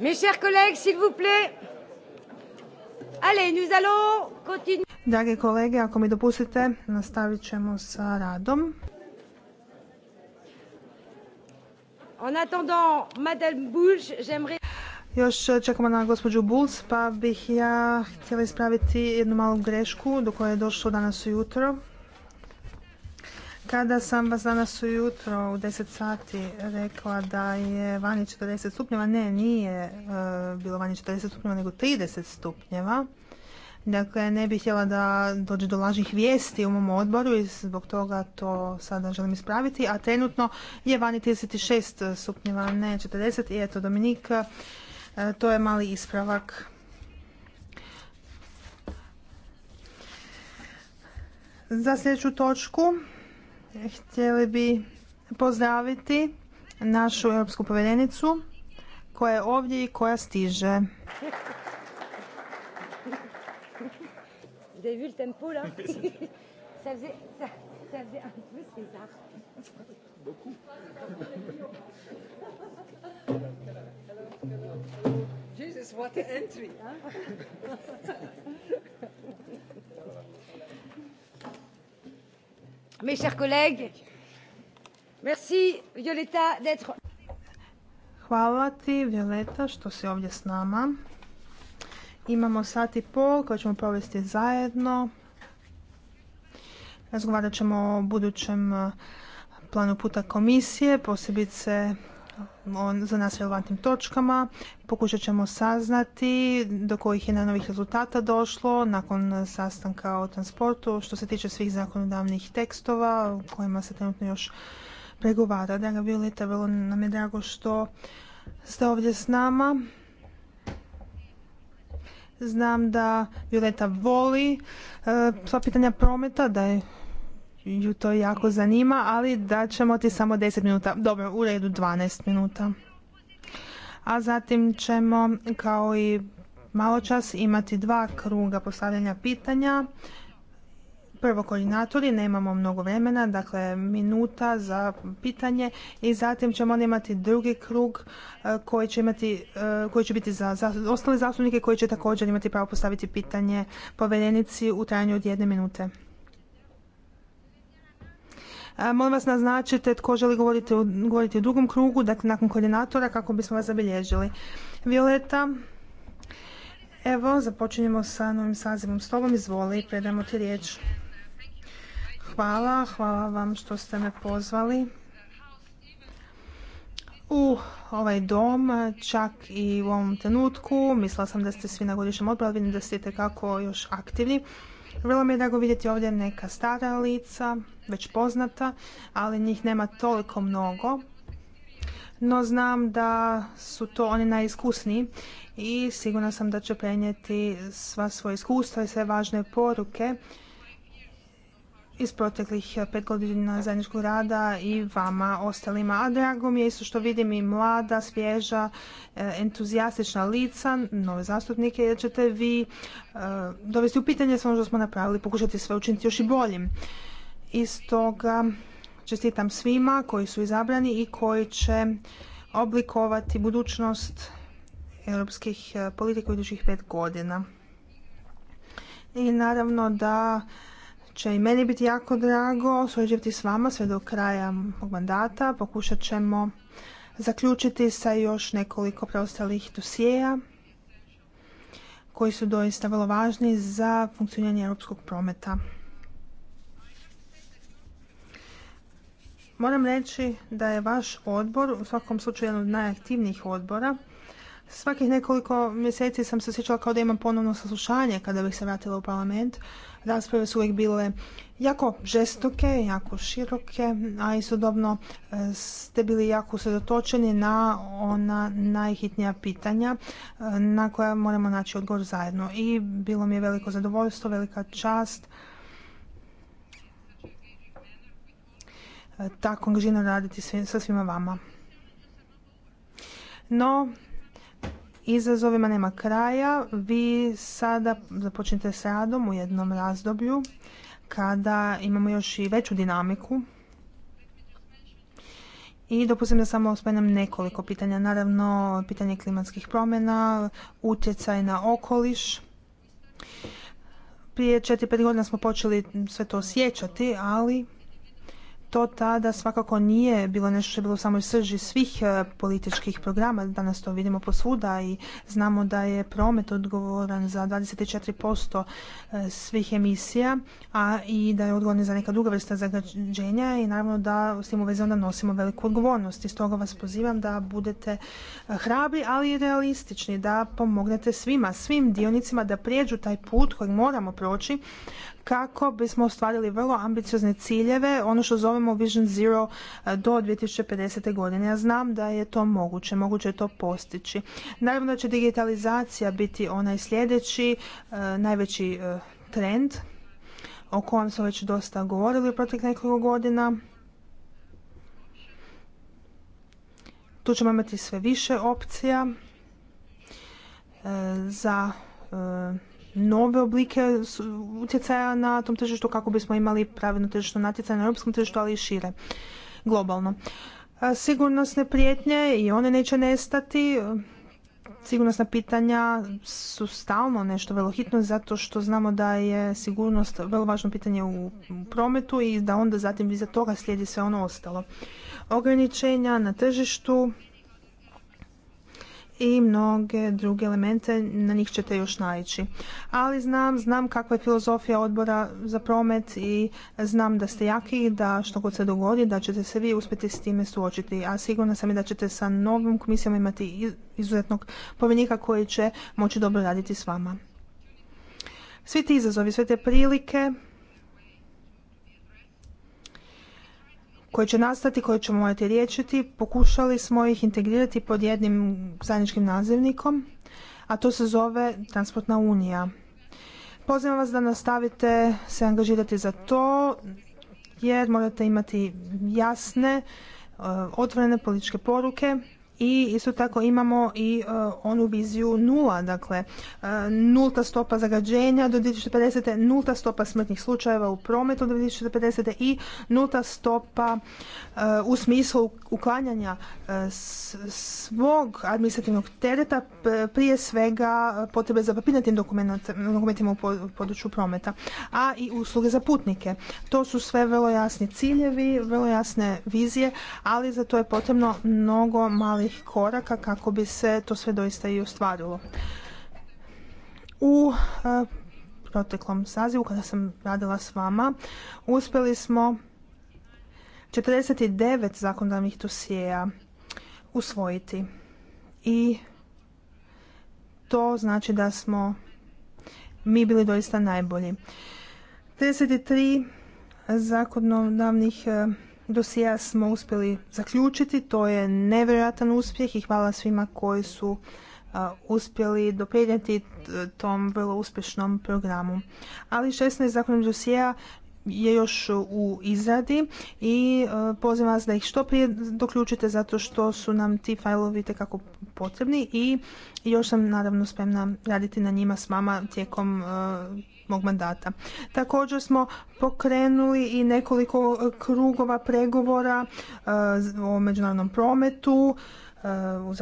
Mes chers collègues, s'il vous plaît. Allez, nous allons continuer. Drage kolege, ako mi dopustite, nastavit ćemo sa radom. En attendant, Madame Bulge, j'aimerais... Još čekamo na gospođu Bulls, pa bih ja htjela ispraviti jednu malu grešku do koje je došlo danas ujutro. Kada sam vas danas ujutro u 10 sati rekla da je vani 40 stupnjeva, ne, nije e, bilo vani 40 stupnjeva, nego 30 stupnjeva. Dakle, ne bih htjela da dođe do lažnih vijesti u mom odboru i zbog toga to sada želim ispraviti. A trenutno je vani 36 stupnjeva, ne 40. I eto, Dominik, e, to je mali ispravak. Za sljedeću točku Htjeli bi pozdraviti našu europsku povjerenicu koja je ovdje i koja stiže. mes chers collègues. Merci, Violeta, d'être... Hvala ti, Violeta, što si ovdje s nama. Imamo sat i pol koje ćemo provesti zajedno. Razgovarat ćemo o budućem eh, planu puta komisije, posebice on za nas relevantnim točkama. Pokušat ćemo saznati do kojih je na novih rezultata došlo nakon sastanka o transportu što se tiče svih zakonodavnih tekstova u kojima se trenutno još pregovara. Draga Violeta, vrlo nam je drago što ste ovdje s nama. Znam da Violeta voli eh, sva pitanja prometa, da je ju to jako zanima, ali da ćemo ti samo 10 minuta, dobro, u redu 12 minuta. A zatim ćemo, kao i malo čas, imati dva kruga postavljanja pitanja. Prvo koordinatori, nemamo mnogo vremena, dakle minuta za pitanje i zatim ćemo imati drugi krug e, koji će, imati, e, koji će biti za, za ostale zastupnike koji će također imati pravo postaviti pitanje povjerenici u trajanju od jedne minute. E, molim vas naznačite tko želi govoriti, u drugom krugu, dakle nakon koordinatora kako bismo vas zabilježili. Violeta, evo započinjemo sa novim sazivom s tobom. Izvoli, predajmo ti riječ. Hvala, hvala vam što ste me pozvali u ovaj dom, čak i u ovom trenutku. Mislila sam da ste svi na godišnjem odboru, vidim da ste kako još aktivni. Vrlo mi je drago vidjeti ovdje neka stara lica, već poznata, ali njih nema toliko mnogo. No znam da su to oni najiskusniji i sigurna sam da će prenijeti sva svoja iskustva i sve važne poruke iz proteklih eh, pet godina zajedničkog rada i vama ostalima. A drago mi je isto što vidim i mlada, svježa, eh, entuzijastična lica, nove zastupnike, jer ćete vi eh, dovesti u pitanje sve ono što smo napravili, pokušati sve učiniti još i boljim. I stoga čestitam svima koji su izabrani i koji će oblikovati budućnost europskih politika u idućih pet godina. I naravno da će i meni biti jako drago surađivati s vama sve do kraja mog mandata. Pokušat ćemo zaključiti sa još nekoliko preostalih dosijeja koji su doista vrlo važni za funkcioniranje europskog prometa. Moram reći da je vaš odbor u svakom slučaju jedan od najaktivnijih odbora. Svakih nekoliko mjeseci sam se osjećala kao da imam ponovno saslušanje kada bih se vratila u parlament, Rasprave su uvijek bile jako žestoke, jako široke, a istodobno e, ste bili jako usredotočeni na ona najhitnija pitanja e, na koja moramo naći odgovor zajedno. I bilo mi je veliko zadovoljstvo, velika čast e, tako angažirano raditi sa svima vama. No, izazovima nema kraja. Vi sada započnite s radom u jednom razdoblju kada imamo još i veću dinamiku. I dopustim da samo spomenem nekoliko pitanja. Naravno, pitanje klimatskih promjena, utjecaj na okoliš. Prije četiri, 5 godina smo počeli sve to osjećati, ali to tada svakako nije bilo nešto što je bilo u samoj srži svih e, političkih programa. Danas to vidimo posvuda i znamo da je promet odgovoran za 24% e, svih emisija, a i da je odgovoran za neka druga vrsta zagađenja i naravno da s tim u onda nosimo veliku odgovornost. I stoga vas pozivam da budete e, hrabri, ali i realistični, da pomognete svima, svim dionicima da prijeđu taj put kojeg moramo proći kako bismo ostvarili vrlo ambiciozne ciljeve, ono što zovemo Vision Zero e, do 2050. godine. Ja znam da je to moguće, moguće je to postići. Naravno da će digitalizacija biti onaj sljedeći, e, najveći e, trend o kojem smo već dosta govorili u proteklih nekoliko godina. Tu ćemo imati sve više opcija za nove oblike utjecaja na tom tržištu kako bismo imali pravilno tržišno natjecanje na europskom tržištu, ali i šire, globalno. Sigurnosne prijetnje i one neće nestati. Sigurnosna pitanja su stalno nešto vrlo hitno zato što znamo da je sigurnost vrlo važno pitanje u prometu i da onda zatim iza toga slijedi sve ono ostalo. Ograničenja na tržištu i mnoge druge elemente, na njih ćete još naići. Ali znam, znam kakva je filozofija odbora za promet i znam da ste jaki da što god se dogodi, da ćete se vi uspjeti s time suočiti. A sigurna sam i da ćete sa novim komisijama imati izuzetnog povjenika koji će moći dobro raditi s vama. Svi ti izazovi, sve te prilike, koje će nastati, koje ćemo morati riječiti, pokušali smo ih integrirati pod jednim zajedničkim nazivnikom, a to se zove Transportna unija. Pozivam vas da nastavite se angažirati za to, jer morate imati jasne, e, otvorene političke poruke i isto tako imamo i e, onu viziju nula, dakle e, nulta stopa zagađenja do 2050. nulta stopa smrtnih slučajeva u prometu do 2050. i nulta stopa e, u smislu uklanjanja svog administrativnog tereta prije svega potrebe za papirnatim dokumentima u području prometa, a i usluge za putnike. To su sve vrlo jasni ciljevi, vrlo jasne vizije, ali za to je potrebno mnogo mali malih koraka kako bi se to sve doista i ostvarilo. U e, proteklom sazivu kada sam radila s vama uspjeli smo 49 zakonodavnih dosijeja usvojiti i to znači da smo mi bili doista najbolji. 33 zakonodavnih e, dosija smo uspjeli zaključiti. To je nevjerojatan uspjeh i hvala svima koji su uspjeli doprinijeti tom vrlo uspješnom programu. Ali 16 zakonom dosija je još u izradi i pozivam vas da ih što prije doključite zato što su nam ti fajlovi tekako potrebni i još sam naravno spremna raditi na njima s vama tijekom mog mandata. Također smo pokrenuli i nekoliko krugova pregovora e, o međunarodnom prometu, e, u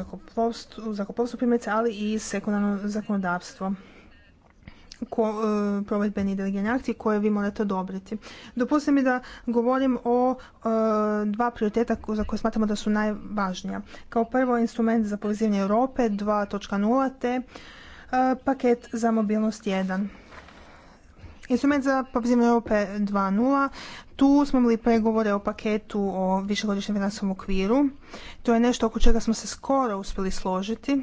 zakoplovstvu, primjerice, ali i sekundarno zakonodavstvo ko, e, provedbeni delegirani koje vi morate odobriti. Dopustite mi da govorim o dva prioriteta za koje smatramo da su najvažnija. Kao prvo instrument za povezivanje Europe 2.0 te paket za mobilnost 1. Instrument za popisivanje Europe 2.0, tu smo imali pregovore o paketu o višegodišnjem finansovom okviru. To je nešto oko čega smo se skoro uspjeli složiti.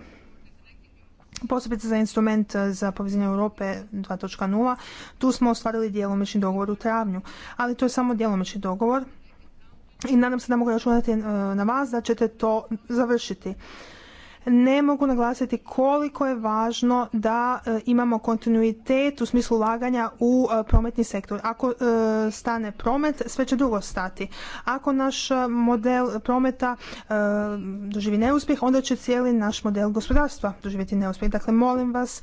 Posebice za instrument za povezanje Europe 2.0, tu smo ostvarili djelomični dogovor u travnju, ali to je samo djelomični dogovor i nadam se da mogu računati e, na vas da ćete to završiti ne mogu naglasiti koliko je važno da e, imamo kontinuitet u smislu ulaganja u e, prometni sektor. Ako e, stane promet, sve će dugo stati. Ako naš model prometa doživi neuspjeh, onda će cijeli naš model gospodarstva doživjeti neuspjeh. Dakle, molim vas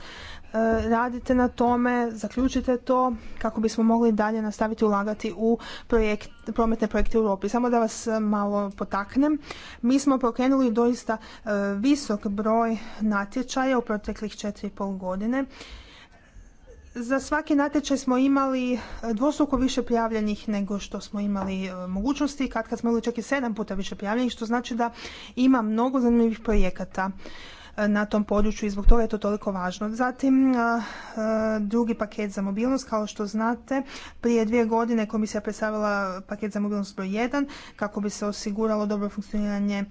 E, radite na tome, zaključite to kako bismo mogli dalje nastaviti ulagati u projekt, prometne projekte u Europi. Samo da vas e, malo potaknem. Mi smo pokrenuli doista e, visok broj natječaja u proteklih 4,5 godine. Za svaki natječaj smo imali dvostruko više prijavljenih nego što smo imali mogućnosti, kad kad smo imali čak i sedam puta više prijavljenih, što znači da ima mnogo zanimljivih projekata na tom području i zbog toga je to toliko važno. Zatim, drugi paket za mobilnost, kao što znate, prije dvije godine komisija predstavila paket za mobilnost broj 1 kako bi se osiguralo dobro funkcioniranje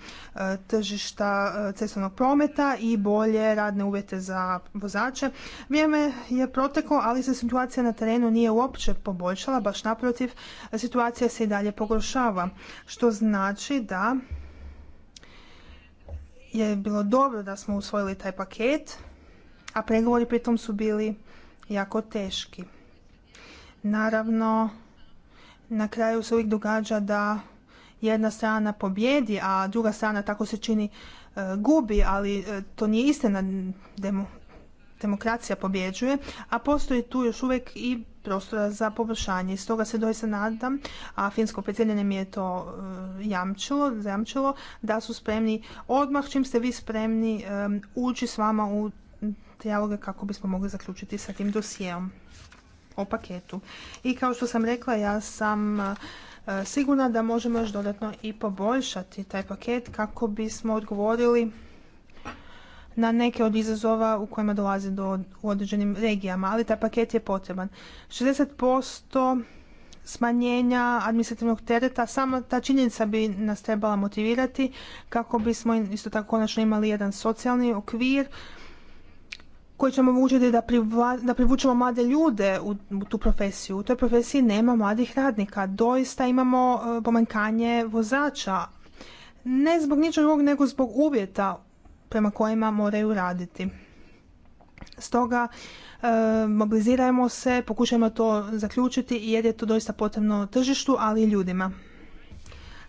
tržišta cestovnog prometa i bolje radne uvjete za vozače. Vrijeme je proteklo, ali se situacija na terenu nije uopće poboljšala, baš naprotiv, situacija se i dalje pogoršava, što znači da je bilo dobro da smo usvojili taj paket, a pregovori pritom su bili jako teški. Naravno, na kraju se uvijek događa da jedna strana pobjedi, a druga strana, tako se čini, e, gubi, ali e, to nije istina demokracija pobjeđuje, a postoji tu još uvijek i prostora za poboljšanje. Stoga se doista nadam, a finsko predsjedanje mi je to e, jamčilo, zajamčilo, da su spremni odmah čim ste vi spremni e, ući s vama u dijaloge kako bismo mogli zaključiti sa tim dosijeom o paketu. I kao što sam rekla, ja sam e, sigurna da možemo još dodatno i poboljšati taj paket kako bismo odgovorili na neke od izazova u kojima dolazi do, u određenim regijama, ali taj paket je potreban. 60% smanjenja administrativnog tereta, samo ta činjenica bi nas trebala motivirati kako bismo isto tako konačno imali jedan socijalni okvir koji ćemo učiti da, da privučemo mlade ljude u, tu profesiju. U toj profesiji nema mladih radnika. Doista imamo e, pomanjkanje vozača. Ne zbog ničeg drugog, nego zbog uvjeta prema kojima moraju raditi. Stoga e, mobilizirajmo se, pokušajmo to zaključiti jer je to doista potrebno tržištu, ali i ljudima.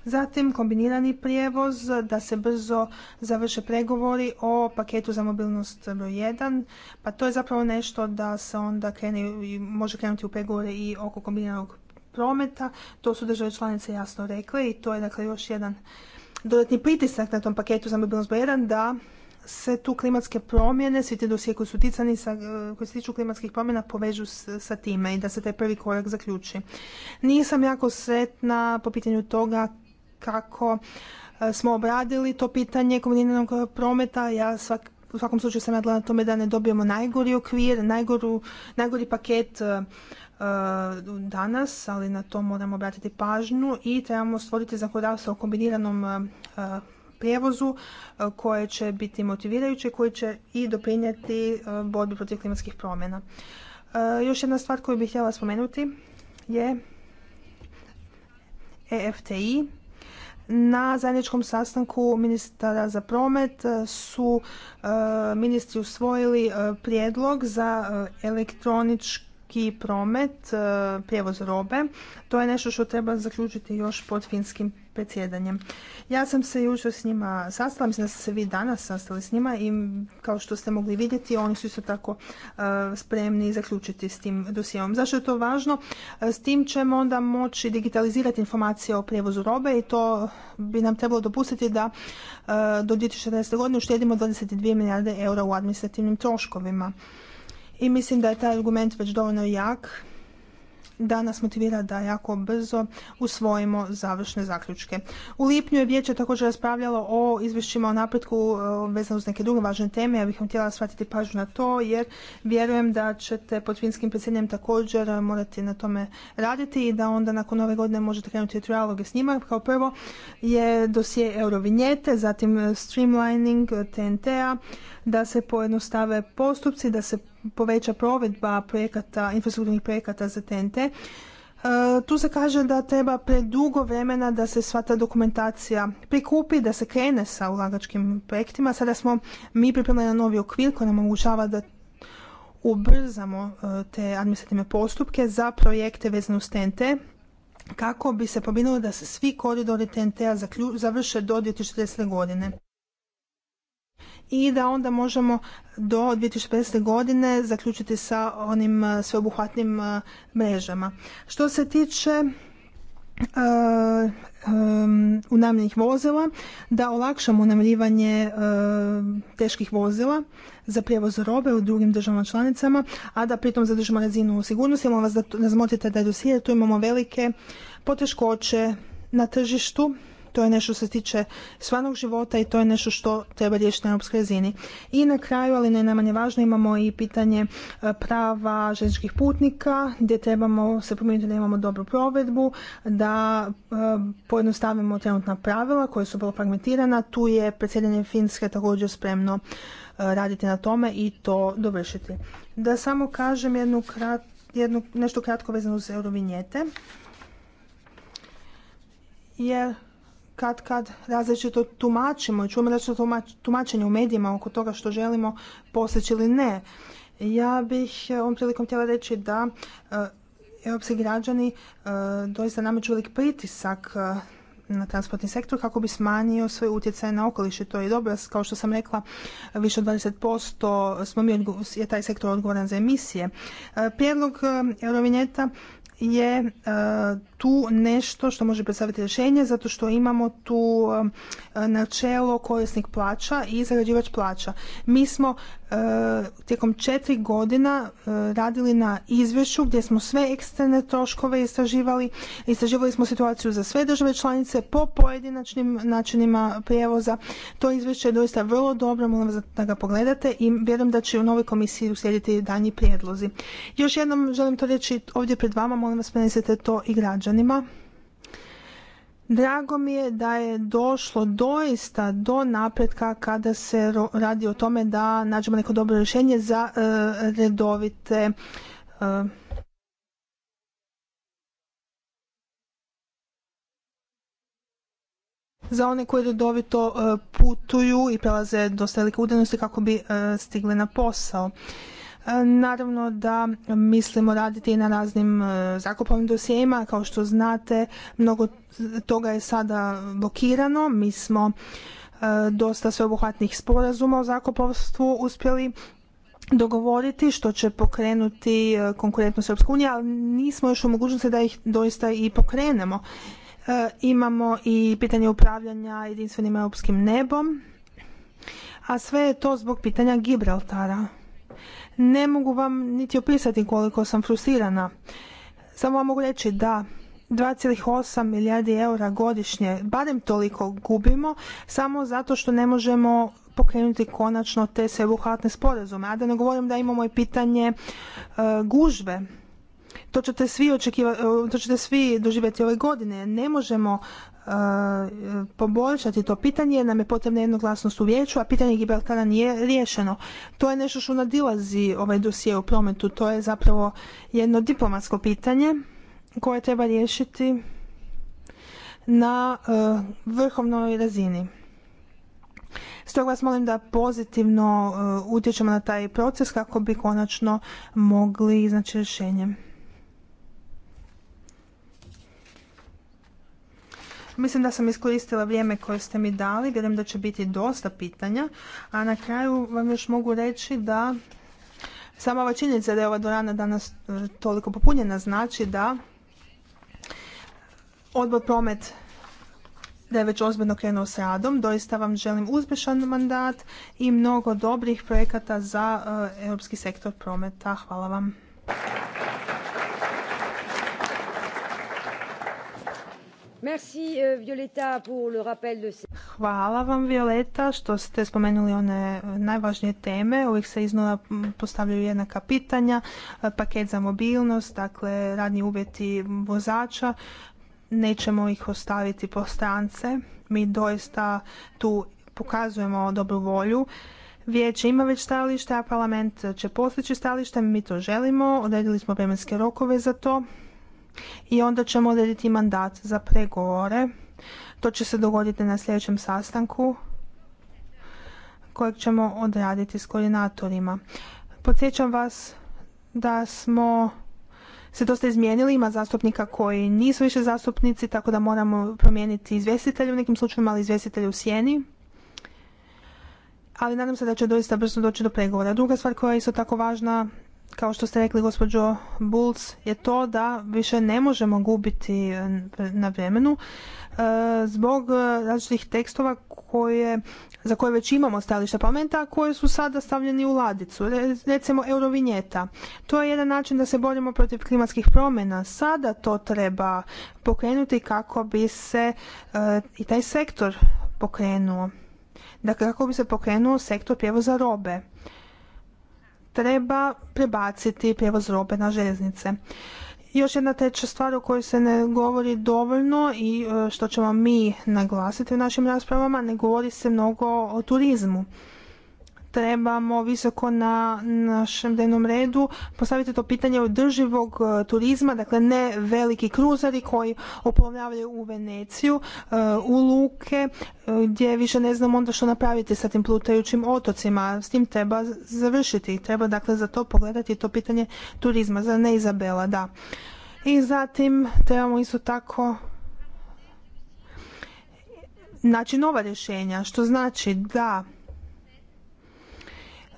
Zatim kombinirani prijevoz, da se brzo završe pregovori o paketu za mobilnost broj 1. Pa to je zapravo nešto da se onda krene, može krenuti u pregovore i oko kombiniranog prometa. To su države članice jasno rekle i to je dakle još jedan dodatni pritisak na tom paketu za mobilnost broj 1 da se tu klimatske promjene, svi ti dosije koji su ticani e, koji se tiču klimatskih promjena povežu sa time i da se taj prvi korak zaključi. Nisam jako sretna po pitanju toga kako e, smo obradili to pitanje kombiniranog prometa. Ja u svakom slučaju sam radila na tome da ne dobijemo najgori okvir, najgori paket e, danas, ali na to moramo obratiti pažnju i trebamo stvoriti zakonodavstvo o kombiniranom prijevozu e, koje će biti motivirajuće, koji će i doprinijeti e, borbi protiv klimatskih promjena. E, još jedna stvar koju bih htjela spomenuti je EFTI. Na zajedničkom sastanku ministara za promet su ministri usvojili prijedlog za elektronički promet, prijevoz robe. To je nešto što treba zaključiti još pod finskim predsjedanjem. Ja sam se jučer s njima sastala, mislim da ste se vi danas sastali s njima i kao što ste mogli vidjeti oni su isto tako e, spremni zaključiti s tim dosijevom. Zašto je to važno? E, s tim ćemo onda moći digitalizirati informacije o prijevozu robe i to bi nam trebalo dopustiti da e, do 2014. godine uštedimo 22 milijarde eura u administrativnim troškovima. I mislim da je taj argument već dovoljno jak da nas motivira da jako brzo usvojimo završne zaključke. U lipnju je vijeće također raspravljalo o izvješćima o napretku e, vezano uz neke druge važne teme. Ja bih vam htjela shvatiti pažnju na to jer vjerujem da ćete pod finskim predsjednjem također morati na tome raditi i da onda nakon ove godine možete krenuti u trialoge s njima. Kao prvo je dosije eurovinjete, zatim streamlining TNT-a, da se pojednostave postupci, da se poveća provedba projekata, infrastrukturnih projekata za TNT, e, tu se kaže da treba predugo vremena da se sva ta dokumentacija prikupi, da se krene sa ulagačkim projektima. Sada smo mi pripremili na novi okvir koji nam omogućava da ubrzamo e, te administrativne postupke za projekte vezane uz TNT kako bi se pobinulo da se svi koridori TNT-a završe do 2040. godine i da onda možemo do 2050. godine zaključiti sa onim e, sveobuhvatnim e, mrežama. Što se tiče Uh, e, unamljenih vozila, da olakšamo unamljivanje teških vozila za prijevoz robe u drugim državama članicama, a da pritom zadržimo razinu sigurnosti. Molim vas da razmotrite da dosije, tu imamo velike poteškoće na tržištu to je nešto što se tiče stvarnog života i to je nešto što treba riješiti na europskoj razini. I na kraju, ali ne najmanje važno, imamo i pitanje e, prava željezničkih putnika gdje trebamo se promijeniti da imamo dobru provedbu, da e, pojednostavimo trenutna pravila koja su bila fragmentirana. Tu je predsjedanje Finske također spremno e, raditi na tome i to dovršiti. Da samo kažem jednu, krat, jednu nešto kratko vezano uz eurovinjete. Jer kad kad različito tumačimo i čujemo različito tumačenje u medijima oko toga što želimo postići ili ne. Ja bih eh, ovom prilikom htjela reći da eh, europski građani eh, doista nameću velik pritisak na transportni sektor kako bi smanjio svoj utjecaj na okoliš i to je dobro. Kao što sam rekla, više od 20% smo mi, je taj sektor odgovoran za emisije. Prijedlog Eurovinjeta je e, tu nešto što može predstaviti rješenje zato što imamo tu e, načelo korisnik plaća i zarađivač plaća. Mi smo E, tijekom četiri godina e, radili na izvješću gdje smo sve eksterne troškove istraživali. Istraživali smo situaciju za sve države članice po pojedinačnim načinima prijevoza. To izvješće je doista vrlo dobro, molim vas da ga pogledate i vjerujem da će u novoj komisiji uslijediti danji prijedlozi. Još jednom želim to reći ovdje pred vama, molim vas prenesite to i građanima Drago mi je da je došlo doista do napretka kada se radi o tome da nađemo neko dobro rješenje za e, redovite e, za one koji redovito e, putuju i prelaze dosta velike udaljenosti kako bi stigle na posao. Naravno da mislimo raditi i na raznim e, zakupovnim dosijema. Kao što znate, mnogo toga je sada blokirano. Mi smo e, dosta sveobuhvatnih sporazuma o zakupovstvu uspjeli dogovoriti što će pokrenuti e, konkurentnost Srpsku uniju, ali nismo još u mogućnosti da ih doista i pokrenemo. Imamo i pitanje upravljanja jedinstvenim europskim nebom, a sve je to zbog pitanja Gibraltara. Ne mogu vam niti opisati koliko sam frustrirana. Samo vam mogu reći da 2,8 milijardi eura godišnje, barem toliko gubimo, samo zato što ne možemo pokrenuti konačno te sveobuhvatne sporazume. A da ne govorim da imamo i pitanje e, gužve. To svi e, to ćete svi doživjeti ove godine. Ne možemo E, poboljšati to pitanje nam je potrebna jednoglasnost u vijeću, a pitanje Gibraltara nije riješeno. To je nešto što nadilazi ovaj dosije u prometu, to je zapravo jedno diplomatsko pitanje koje treba riješiti na e, vrhovnoj razini. Stoga vas molim da pozitivno e, utječemo na taj proces kako bi konačno mogli iznaći rješenje. Mislim da sam iskoristila vrijeme koje ste mi dali, vjerujem da će biti dosta pitanja, a na kraju vam još mogu reći da sama ova činjenica da je ova dorana danas e, toliko popunjena znači da odbor promet da je već ozbiljno krenuo s radom. Doista vam želim uspješan mandat i mnogo dobrih projekata za e, europski sektor prometa. Hvala vam. Merci euh, Violeta pour le rappel de Hvala vam Violeta što ste spomenuli one e, najvažnije teme. Uvijek se iznova postavljaju jednaka pitanja, e, paket za mobilnost, dakle radni uvjeti vozača. Nećemo ih ostaviti po strance. Mi doista tu pokazujemo dobru volju. Vijeće ima već stajalište, a parlament će postići stajalište. Mi to želimo. Odredili smo vremenske rokove za to i onda ćemo odrediti mandat za pregovore. To će se dogoditi na sljedećem sastanku kojeg ćemo odraditi s koordinatorima. Podsjećam vas da smo se dosta izmijenili, ima zastupnika koji nisu više zastupnici, tako da moramo promijeniti izvjestitelje u nekim slučajevima, ali izvjestitelje u sjeni. Ali nadam se da će doista brzo doći do pregovora. Druga stvar koja je isto tako važna kao što ste rekli gospođo Bulc, je to da više ne možemo gubiti eh, na vremenu eh, zbog eh, različitih tekstova koje, za koje već imamo stajališta parlamenta, a koje su sada stavljeni u ladicu. Recimo eurovinjeta. To je jedan način da se borimo protiv klimatskih promjena. Sada to treba pokrenuti kako bi se i taj sektor pokrenuo. Dakle, kako bi se pokrenuo sektor prijevoza robe treba prebaciti prijevoz robe na željeznice. Još jedna treća stvar o kojoj se ne govori dovoljno i e, što ćemo mi naglasiti u našim raspravama, ne govori se mnogo o turizmu trebamo visoko na našem dnevnom redu postaviti to pitanje održivog e, turizma, dakle ne veliki kruzari koji oplovljavaju u Veneciju, e, u luke, e, gdje više ne znam onda što napraviti sa tim plutajućim otocima. S tim treba završiti. Treba dakle za to pogledati to pitanje turizma. Za ne Izabela, da. I zatim trebamo isto tako naći nova rješenja, što znači da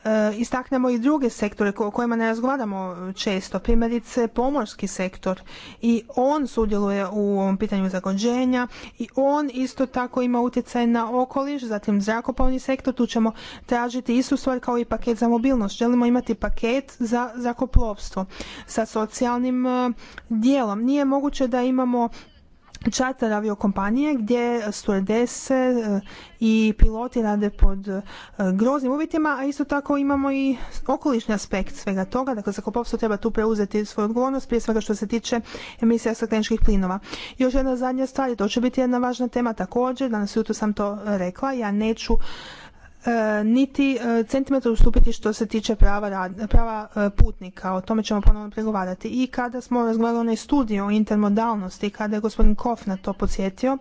E, istaknemo i druge sektore o kojima ne razgovaramo e, često, primjerice pomorski sektor i on sudjeluje u ovom pitanju zagođenja i on isto tako ima utjecaj na okoliš, zatim zrakoplovni sektor, tu ćemo tražiti istu stvar kao i paket za mobilnost. Želimo imati paket za zrakoplovstvo sa socijalnim e, dijelom. Nije moguće da imamo čarter aviokompanije gdje stuardese e, i piloti rade pod e, groznim uvjetima, a isto tako imamo i okolišni aspekt svega toga. Dakle, zakoplovstvo treba tu preuzeti svoju odgovornost, prije svega što se tiče emisija stakleničkih plinova. Još jedna zadnja stvar, i to će biti jedna važna tema također, danas jutro sam to rekla, ja neću E, niti e, centimetar ustupiti što se tiče prava, e, putnika. O tome ćemo ponovno pregovarati. I kada smo razgovarali onaj studij o intermodalnosti, kada je gospodin Kof na to podsjetio,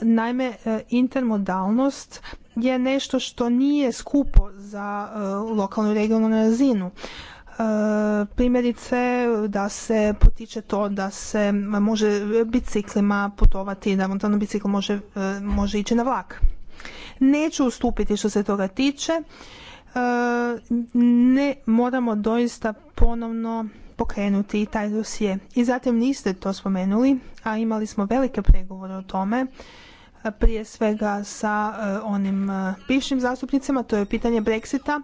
Naime, intermodalnost je nešto što nije skupo za lokalnu i regionalnu razinu. Primjerice da se potiče to da se može biciklima putovati, da on bicikl može, može ići na vlak neću ustupiti što se toga tiče. E, ne moramo doista ponovno pokrenuti i taj dosje. I zatim niste to spomenuli, a imali smo velike pregovore o tome e, prije svega sa e, onim bivšim zastupnicima, to je pitanje Brexita.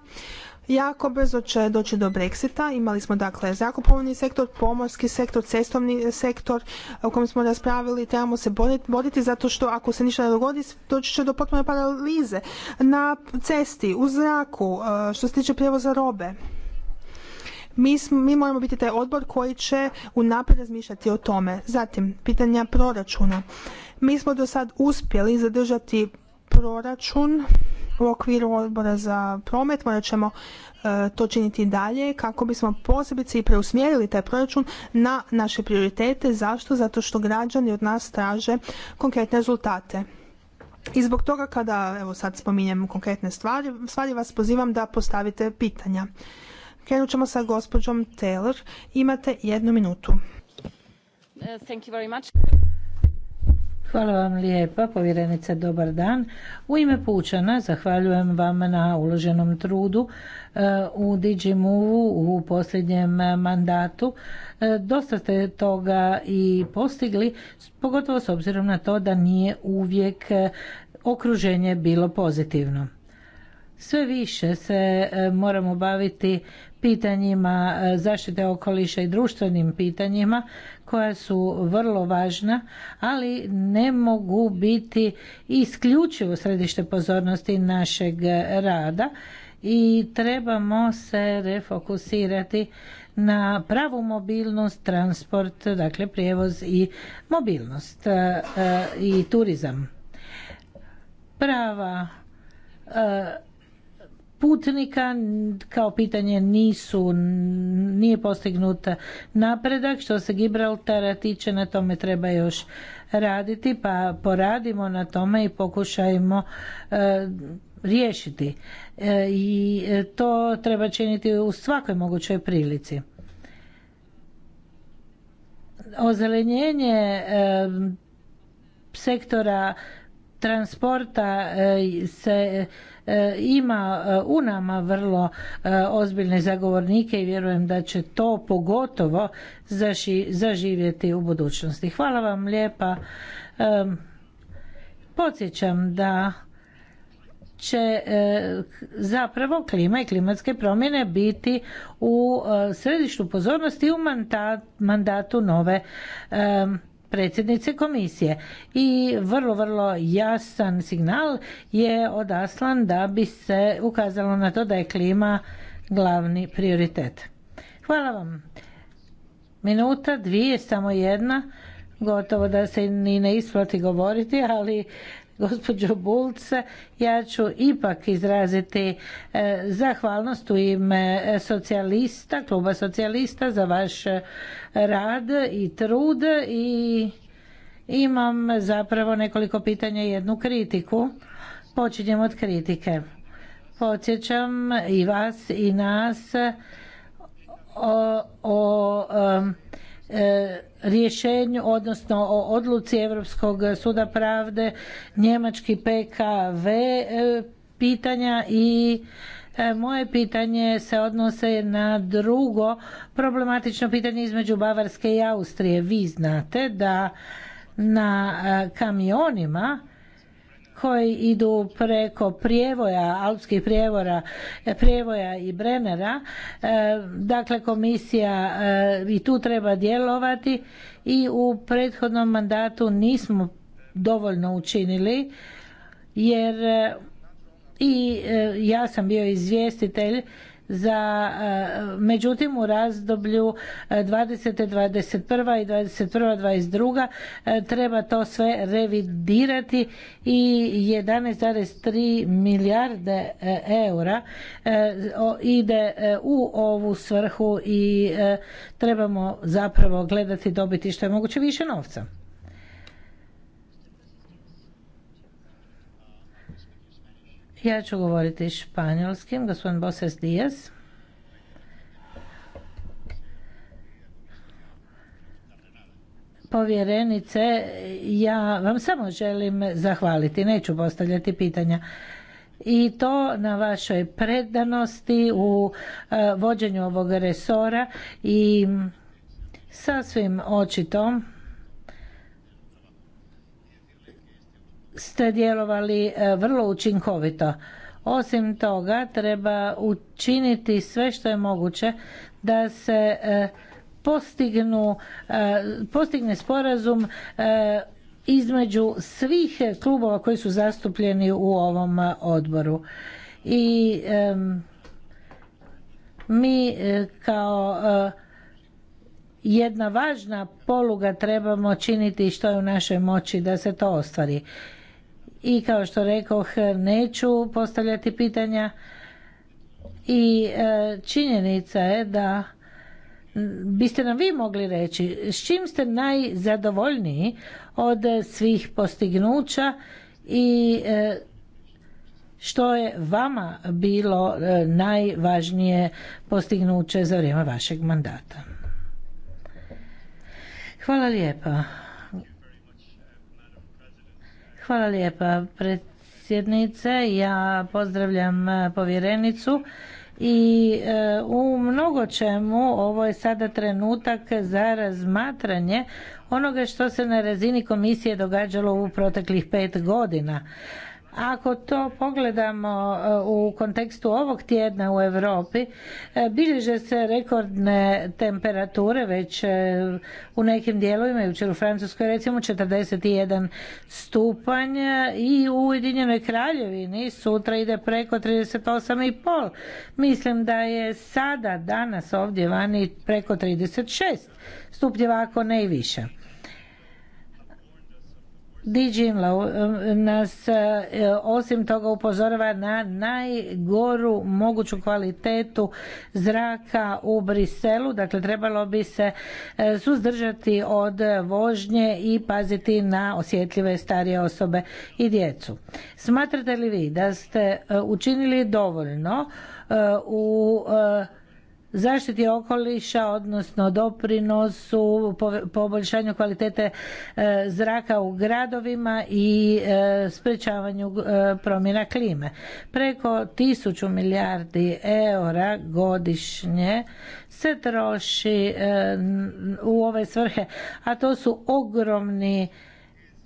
Jako brzo će doći do Brexita. Imali smo dakle zrakoplovni sektor, pomorski sektor, cestovni sektor o kojem smo raspravili. Trebamo se boriti zato što ako se ništa ne dogodi doći će do potpune paralize na cesti, u zraku, e, što se tiče prijevoza robe. Mi, smo, mi moramo biti taj odbor koji će unaprijed razmišljati o tome. Zatim, pitanja proračuna. Mi smo do sad uspjeli zadržati proračun u okviru odbora za promet morat ćemo e, to činiti dalje kako bismo posebice i preusmjerili taj proračun na naše prioritete. Zašto? Zato što građani od nas traže konkretne rezultate. I zbog toga kada, evo sad spominjem konkretne stvari, stvari vas pozivam da postavite pitanja. Krenut ćemo sa gospođom Taylor. Imate jednu minutu. Uh, thank you very much. Hvala vam lijepa, povjerenice, dobar dan. U ime Pučana zahvaljujem vam na uloženom trudu e, u Digimovu u posljednjem mandatu. E, dosta ste toga i postigli, pogotovo s obzirom na to da nije uvijek e, okruženje bilo pozitivno. Sve više se moramo baviti pitanjima e, zaštite okoliša i društvenim pitanjima koja su vrlo važna, ali ne mogu biti isključivo središte pozornosti našeg rada i trebamo se refokusirati na pravu mobilnost, transport, dakle prijevoz i mobilnost e, e, i turizam. Prava putnika kao pitanje nisu nije postignut napredak što se Gibraltara tiče na tome treba još raditi pa poradimo na tome i pokušajmo e, riješiti e, i to treba činiti u svakoj mogućoj prilici ozelenjenje e, sektora transporta se E, ima e, u nama vrlo e, ozbiljne zagovornike i vjerujem da će to pogotovo zaživjeti u budućnosti. Hvala vam lijepa. Podsjećam da će zapravo klima i klimatske promjene biti u središtu pozornosti u mandatu nove predsjednice komisije. I vrlo, vrlo jasan signal je odaslan da bi se ukazalo na to da je klima glavni prioritet. Hvala vam. Minuta, dvije, samo jedna. Gotovo da se ni ne isplati govoriti, ali gospođo Bulc, ja ću ipak izraziti e, zahvalnost u ime socijalista, kluba socijalista za vaš e, rad i trud i imam zapravo nekoliko pitanja i jednu kritiku. Počinjem od kritike. Podsjećam i vas i nas o, o e, E, rješenju, odnosno o odluci Europskog suda pravde njemački PKV e, pitanja i e, moje pitanje se odnose na drugo problematično pitanje između Bavarske i Austrije. Vi znate da na kamionima koji idu preko prijevoja, alpskih prijevora, prijevoja i Brenera. E, dakle, komisija e, i tu treba djelovati i u prethodnom mandatu nismo dovoljno učinili jer e, i ja sam bio izvjestitelj za e, međutim u razdoblju 2021. E, i 2022. dva e, treba to sve revidirati i 11,3 milijarde eura ide u ovu svrhu i trebamo zapravo gledati dobiti što je moguće više novca. Ja ću govoriti španjolskim, gospodin Boses Diaz. Povjerenice, ja vam samo želim zahvaliti, neću postavljati pitanja i to na vašoj predanosti u e, vođenju ovog resora i sasvim očitom. ste djelovali e, vrlo učinkovito. Osim toga, treba učiniti sve što je moguće da se e, postignu, e, postigne sporazum između svih klubova koji su zastupljeni u ovom odboru. I mi kao jedna važna poluga trebamo činiti što je u našoj moći da se to ostvari i kao što rekoh neću postavljati pitanja i e, činjenica je da biste nam vi mogli reći s čim ste najzadovoljniji od svih postignuća i e, što je vama bilo e, najvažnije postignuće za vrijeme vašeg mandata. Hvala lijepa. Hvala lijepa predsjednice. Ja pozdravljam e, povjerenicu i e, u mnogo čemu ovo je sada trenutak za razmatranje onoga što se na razini komisije događalo u proteklih pet godina ako to pogledamo e, u kontekstu ovog tjedna u Europi, e, bilježe se rekordne temperature već e, u nekim dijelovima, jučer u Francuskoj recimo 41 stupanj i u Ujedinjenoj Kraljevini sutra ide preko 38,5. Mislim da je sada danas ovdje vani preko 36 stupnjeva ako ne i više. Dijinlo nas e, osim toga upozorava na najgoru moguću kvalitetu zraka u Briselu, dakle trebalo bi se e, suzdržati od vožnje i paziti na osjetljive starije osobe i djecu. Smatrate li vi da ste e, učinili dovoljno u zaštiti okoliša, odnosno doprinosu, poboljšanju kvalitete e, zraka u gradovima i e, sprečavanju e, promjena klime. Preko tisuću milijardi eura godišnje se troši u ove svrhe, a to su ogromni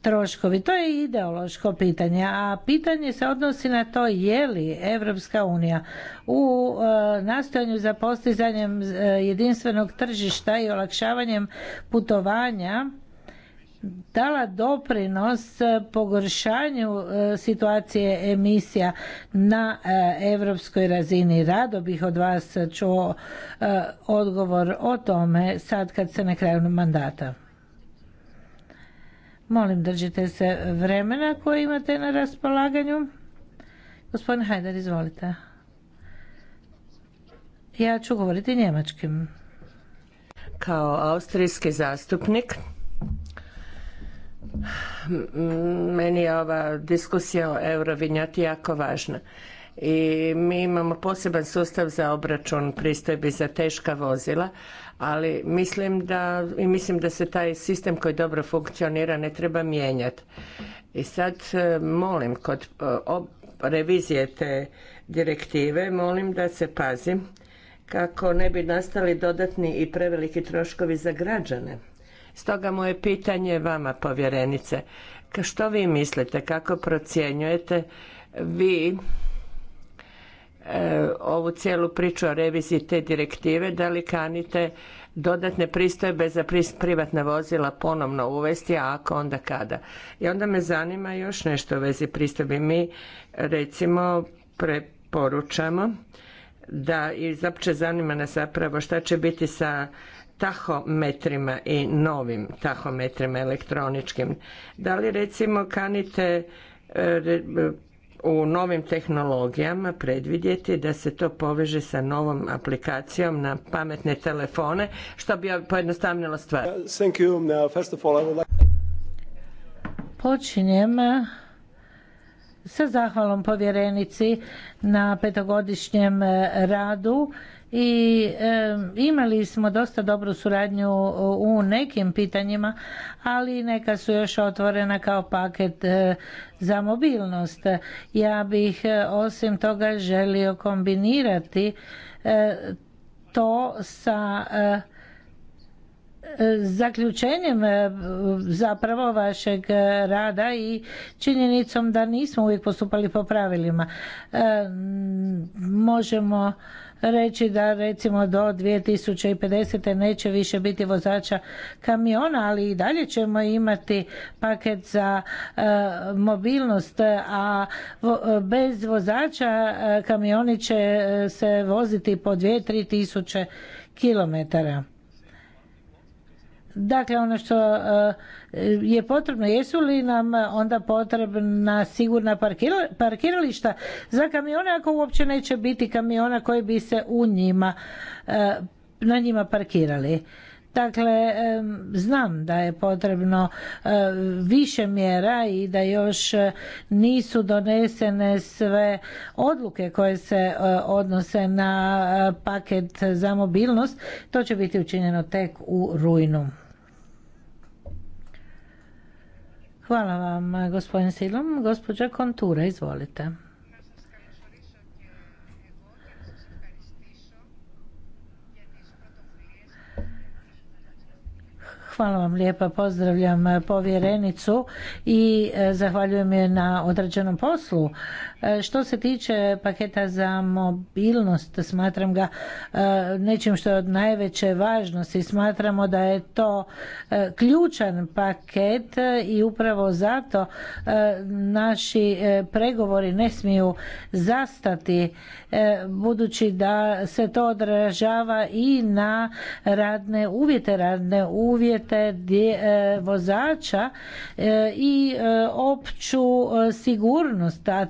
troškovi. To je ideološko pitanje, a pitanje se odnosi na to je li Evropska unija u e, nastojanju za postizanjem e, jedinstvenog tržišta i olakšavanjem putovanja dala doprinos pogoršanju e, situacije emisija na europskoj razini. Rado bih od vas čuo odgovor o tome sad kad se na kraju mandata. Molim, držite se vremena koje imate na raspolaganju. Gospodin Hajdar, izvolite. Ja ću govoriti njemačkim. Kao austrijski zastupnik meni je ova diskusija o eurovinjati jako važna i mi imamo poseban sustav za obračun pristojbi za teška vozila, ali mislim da, i mislim da se taj sistem koji dobro funkcionira ne treba mijenjati. I sad e, molim kod e, revizije te direktive, molim da se pazi kako ne bi nastali dodatni i preveliki troškovi za građane. Stoga moje pitanje vama, povjerenice, što vi mislite, kako procjenjujete vi E, ovu cijelu priču o reviziji te direktive, da li kanite dodatne pristojbe za privatna vozila ponovno uvesti, a ako onda kada? I onda me zanima još nešto u vezi pristojbi. Mi recimo preporučamo da i zaopće zanima nas zapravo šta će biti sa tahometrima i novim tahometrima elektroničkim. Da li recimo kanite e, u novim tehnologijama predvidjeti da se to poveže sa novom aplikacijom na pametne telefone, što bi pojednostavnilo stvar. Počinjem sa zahvalom povjerenici na petogodišnjem eh, radu i imali smo dosta dobru suradnju u nekim pitanjima, ali neka su još otvorena kao paket e, za mobilnost. Ja bih e, osim toga želio kombinirati e, to sa zaključenjem zapravo vašeg rada i činjenicom da nismo uvijek postupali po pravilima. Možemo reći da recimo do 2050. neće više biti vozača kamiona, ali i dalje ćemo imati paket za e, mobilnost, a bez vozača e, kamioni će e, se voziti po 2-3 tisuće kilometara. Dakle, ono što E, je potrebno, jesu li nam e, onda potrebna sigurna parkirališta za kamione ako uopće neće biti kamiona koji bi se u njima, e, na njima parkirali. Dakle, znam da je potrebno više mjera i da još nisu donesene sve odluke koje se odnose na paket za mobilnost. To će biti učinjeno tek u rujnu. Hvala vam, gospodin Silom. Gospođa Kontura, izvolite. Hvala vam lijepa, pozdravljam povjerenicu i e, zahvaljujem je na odrađenom poslu E, što se tiče paketa za mobilnost, smatram ga e, nečim što je od najveće važnosti. Smatramo da je to e, ključan paket i upravo zato naši pregovori ne smiju zastati budući da se to odražava i na radne uvjete, radne uvjete vozača i opću sigurnost, a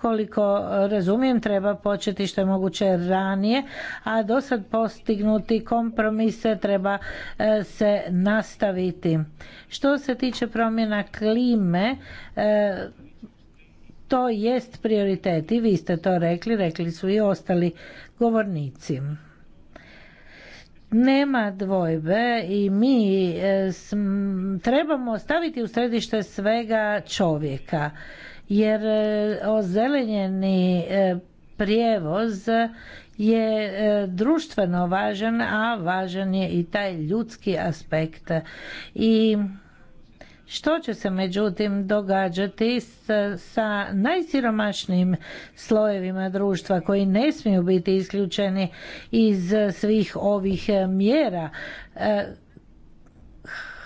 koliko razumijem treba početi što je moguće ranije, a do sad postignuti kompromise treba e, se nastaviti. Što se tiče promjena klime, e, to jest prioritet i vi ste to rekli, rekli su i ostali govornici. Nema dvojbe i mi e, trebamo staviti u središte svega čovjeka jer e, ozelenjeni e, prijevoz je e, društveno važan, a važan je i taj ljudski aspekt. I što će se međutim događati sa najsiromašnijim slojevima društva koji ne smiju biti isključeni iz svih ovih mjera?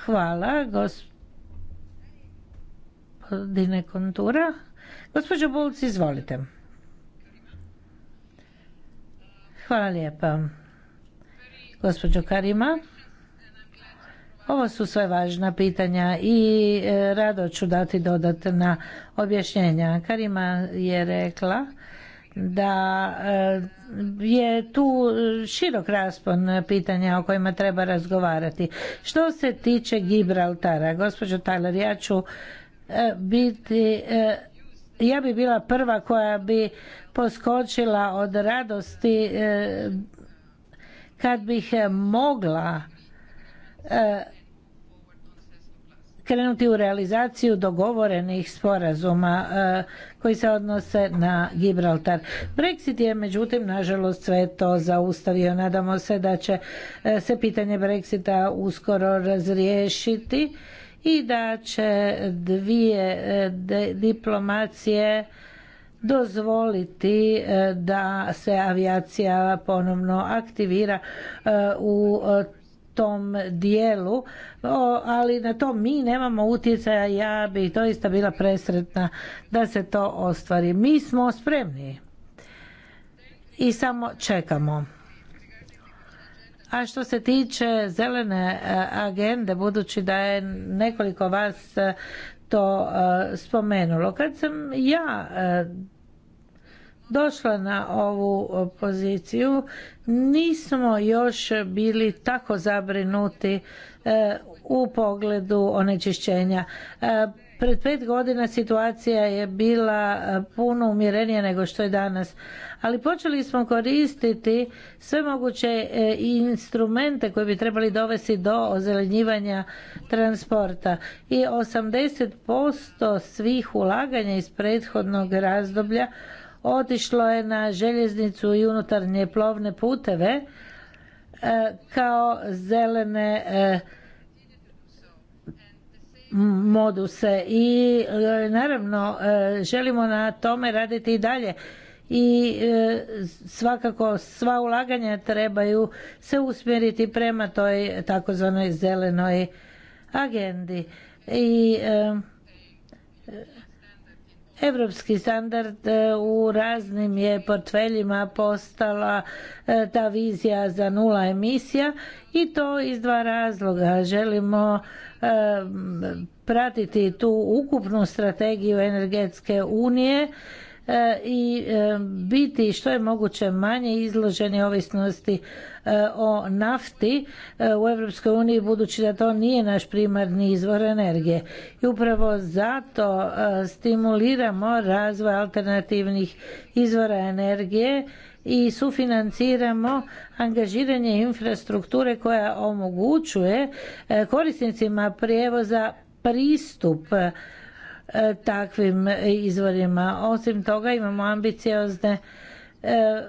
Hvala, gospodin gospodine Kontura. Gospođo Bulc, izvolite. Hvala lijepa. Gospođo Karima, ovo su sve važna pitanja i e, rado ću dati dodatna objašnjenja. Karima je rekla da e, je tu širok raspon pitanja o kojima treba razgovarati. Što se tiče Gibraltara, gospođo Tajler, ja ću E, biti e, ja bi bila prva koja bi poskočila od radosti e, kad bih mogla krenuti u realizaciju dogovorenih sporazuma koji se odnose na Gibraltar. Brexit je međutim nažalost sve to zaustavio. Nadamo se da će se pitanje Brexita uskoro razriješiti i da će dvije e, diplomacije dozvoliti e, da se avijacija ponovno aktivira e, u tom dijelu, ali na to mi nemamo utjecaja, ja bih doista bila presretna da se to ostvari. Mi smo spremni i samo čekamo. A što se tiče zelene e, agende, budući da je nekoliko vas e, to e, spomenulo, kad sam ja došla na ovu poziciju, nismo još bili tako zabrinuti u pogledu onečišćenja Pred pet godina situacija je bila e, puno umjerenija nego što je danas, ali počeli smo koristiti sve moguće e, instrumente koji bi trebali dovesti do ozelenjivanja transporta. I 80% svih ulaganja iz prethodnog razdoblja otišlo je na željeznicu i unutarnje plovne puteve e, kao zelene moduse i e, naravno e, želimo na tome raditi i dalje i e, svakako sva ulaganja trebaju se usmjeriti prema toj takozvanoj zelenoj agendi i Europski standard e, u raznim je portfeljima postala e, ta vizija za nula emisija i to iz dva razloga. Želimo e, pratiti tu ukupnu strategiju energetske unije E, i e, biti što je moguće manje izloženi ovisnosti e, o nafti u EU budući da to nije naš primarni izvor energije. I upravo zato stimuliramo razvoj alternativnih izvora energije i sufinanciramo angažiranje infrastrukture koja omogućuje korisnicima prijevoza pristup E, takvim izvorima. Osim toga imamo ambiciozne e,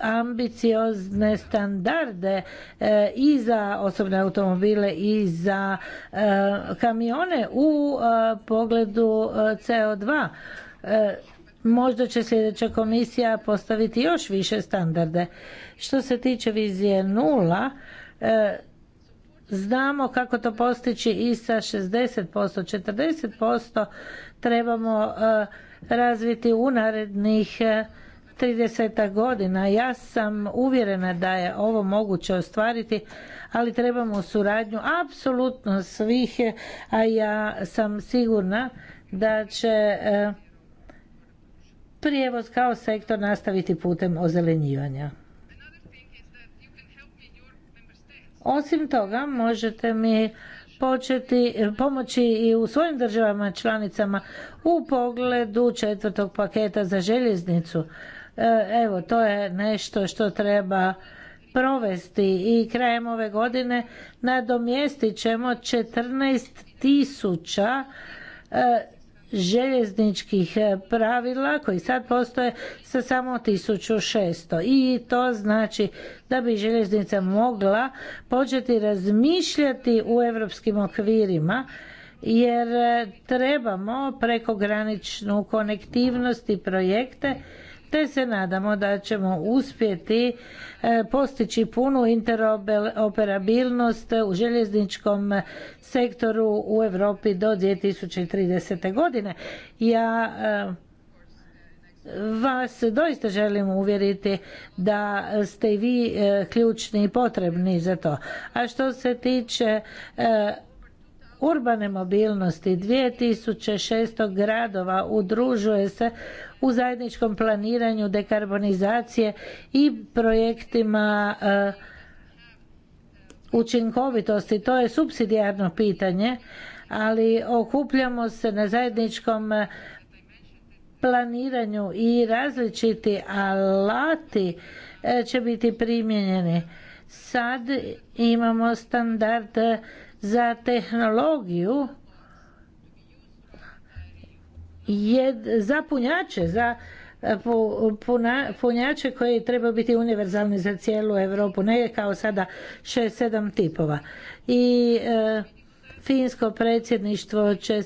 ambiciozne standarde e, i za osobne automobile i za kamione u pogledu CO2. Možda će sljedeća komisija postaviti još više standarde. Što se tiče vizije nula, Znamo kako to postići i sa 60%, 40% trebamo eh, razviti u narednih 30 eh, godina. Ja sam uvjerena da je ovo moguće ostvariti, ali trebamo suradnju apsolutno svih, eh, a ja sam sigurna da će prijevoz kao sektor nastaviti putem ozelenjivanja. Osim toga, možete mi početi pomoći i u svojim državama članicama u pogledu četvrtog paketa za željeznicu. E, evo, to je nešto što treba provesti i krajem ove godine nadomjestit ćemo 14.000 tisuća e, željezničkih e, pravila koji sad postoje sa samo 1600 i to znači da bi željeznica mogla početi razmišljati u europskim okvirima jer e, trebamo prekograničnu konektivnost i projekte te se nadamo da ćemo uspjeti e, postići punu interoperabilnost u željezničkom sektoru u Europi do 2030. godine. Ja e, vas doista želim uvjeriti da ste i vi e, ključni i potrebni za to. A što se tiče urbane mobilnosti 2600 gradova udružuje se u zajedničkom planiranju dekarbonizacije i projektima e, učinkovitosti. To je subsidijarno pitanje, ali okupljamo se na zajedničkom e, planiranju i različiti alati e, će biti primjenjeni. Sad imamo standard za tehnologiju je za punjače, za e, punjače koji treba biti univerzalni za cijelu Europu, ne kao sada šest, sedam tipova. I e, finsko predsjedništvo će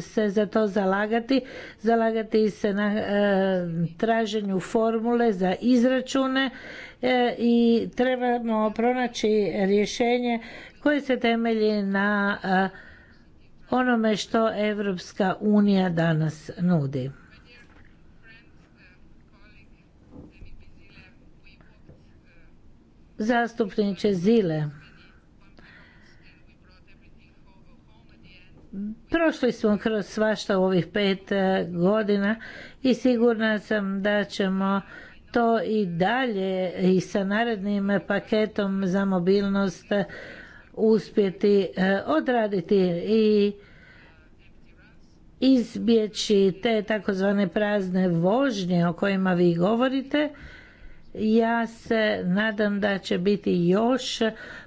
se za to zalagati, zalagati se na e, traženju formule za izračune i trebamo pronaći rješenje koji se temelji na onome što Evropska unija danas nudi. Zastupniče Zile, prošli smo kroz svašta u ovih pet e, godina i sigurna sam da ćemo to i dalje i sa narednim paketom za mobilnost uspjeti e, odraditi i izbjeći te takozvane prazne vožnje o kojima vi govorite. Ja se nadam da će biti još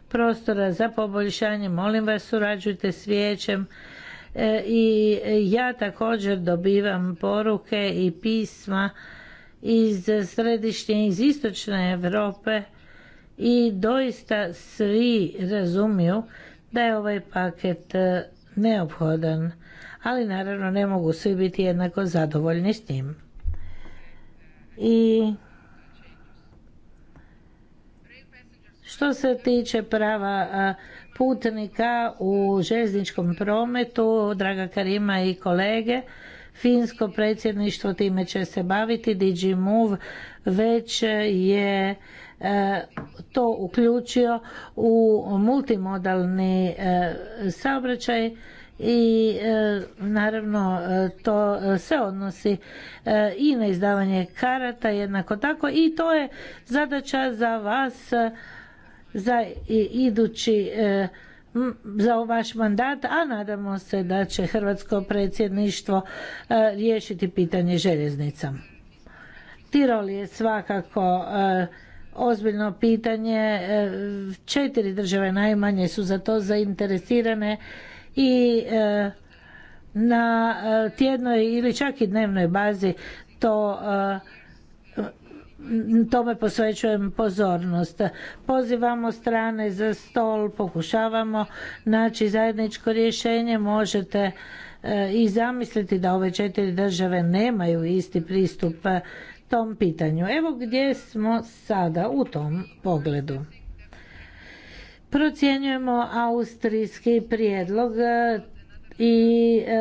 prostora za poboljšanje. Molim vas, surađujte s vijećem. E, I ja također dobivam poruke i pisma iz središnje iz istočne Europe i doista svi razumiju da je ovaj paket e, neophodan, ali naravno ne mogu svi biti jednako zadovoljni s tim. I što se tiče prava e, putnika u željezničkom prometu, Draga Karima i kolege, Finsko predsjedništvo time će se baviti, DigiMove već je E, to uključio u multimodalni e, saobraćaj i e, naravno to se odnosi i na izdavanje karata jednako tako i to je zadaća za vas za idući za vaš mandat, a nadamo se da će Hrvatsko predsjedništvo riješiti pitanje željeznica. Tirol je svakako ozbiljno pitanje. E, četiri države najmanje su za to zainteresirane i e, na e, tjednoj ili čak i dnevnoj bazi to tome posvećujem pozornost. Pozivamo strane za stol, pokušavamo naći zajedničko rješenje, možete i zamisliti da ove četiri države nemaju isti pristup tom pitanju. Evo gdje smo sada u tom pogledu. Procjenjujemo austrijski prijedlog e, i e,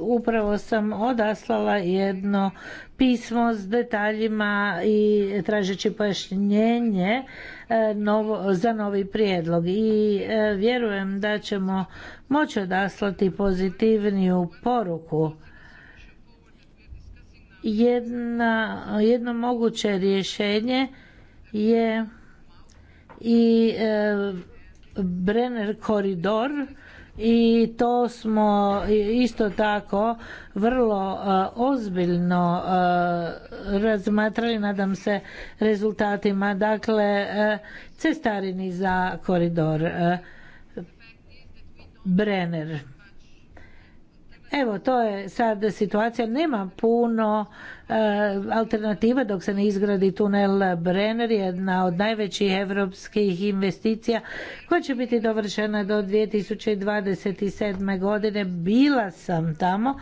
upravo sam odaslala jedno pismo s detaljima i tražeći pojašnjenje e, novo, za novi prijedlog i vjerujem da ćemo moći odaslati pozitivniju poruku jedna, jedno moguće rješenje je i e, Brenner koridor i to smo isto tako vrlo e, ozbiljno e, razmatrali, nadam se rezultatima, dakle cestarini za koridor Brenner. Evo, to je sad situacija. Nema puno e, alternativa dok se ne izgradi tunel Brenner, jedna od najvećih europskih investicija koja će biti dovršena do 2027. godine. Bila sam tamo,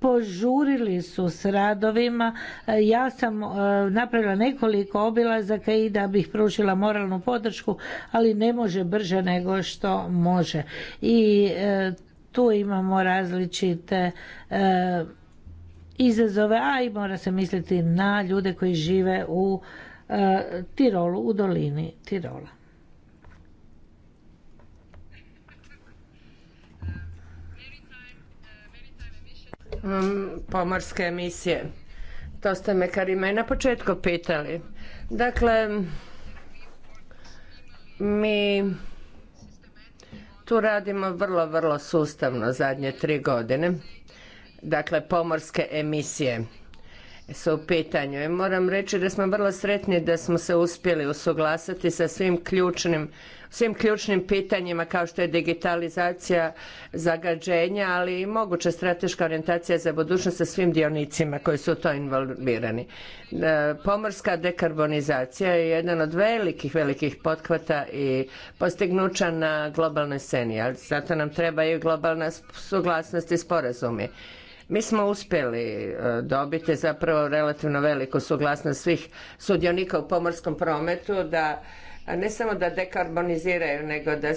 požurili su s radovima. E, ja sam e, napravila nekoliko obilazaka i da bih pružila moralnu podršku, ali ne može brže nego što može. I tu imamo različite e, izazove, a i mora se misliti na ljude koji žive u e, Tirolu, u dolini Tirola. Mm, pomorske emisije. To ste me Karime na početku pitali. Dakle, mi tu radimo vrlo, vrlo sustavno zadnje tri godine. Dakle, pomorske emisije su u pitanju. I moram reći da smo vrlo sretni da smo se uspjeli usuglasiti sa svim ključnim svim ključnim pitanjima kao što je digitalizacija zagađenja, ali i moguća strateška orijentacija za budućnost sa svim dionicima koji su u to involvirani. E, pomorska dekarbonizacija je jedan od velikih, velikih pothvata i postignuća na globalnoj sceni, ali zato nam treba i globalna suglasnost i sporazumi. Mi smo uspjeli e, dobiti zapravo relativno veliku suglasnost svih sudionika u pomorskom prometu da ne samo da dekarboniziraju, nego da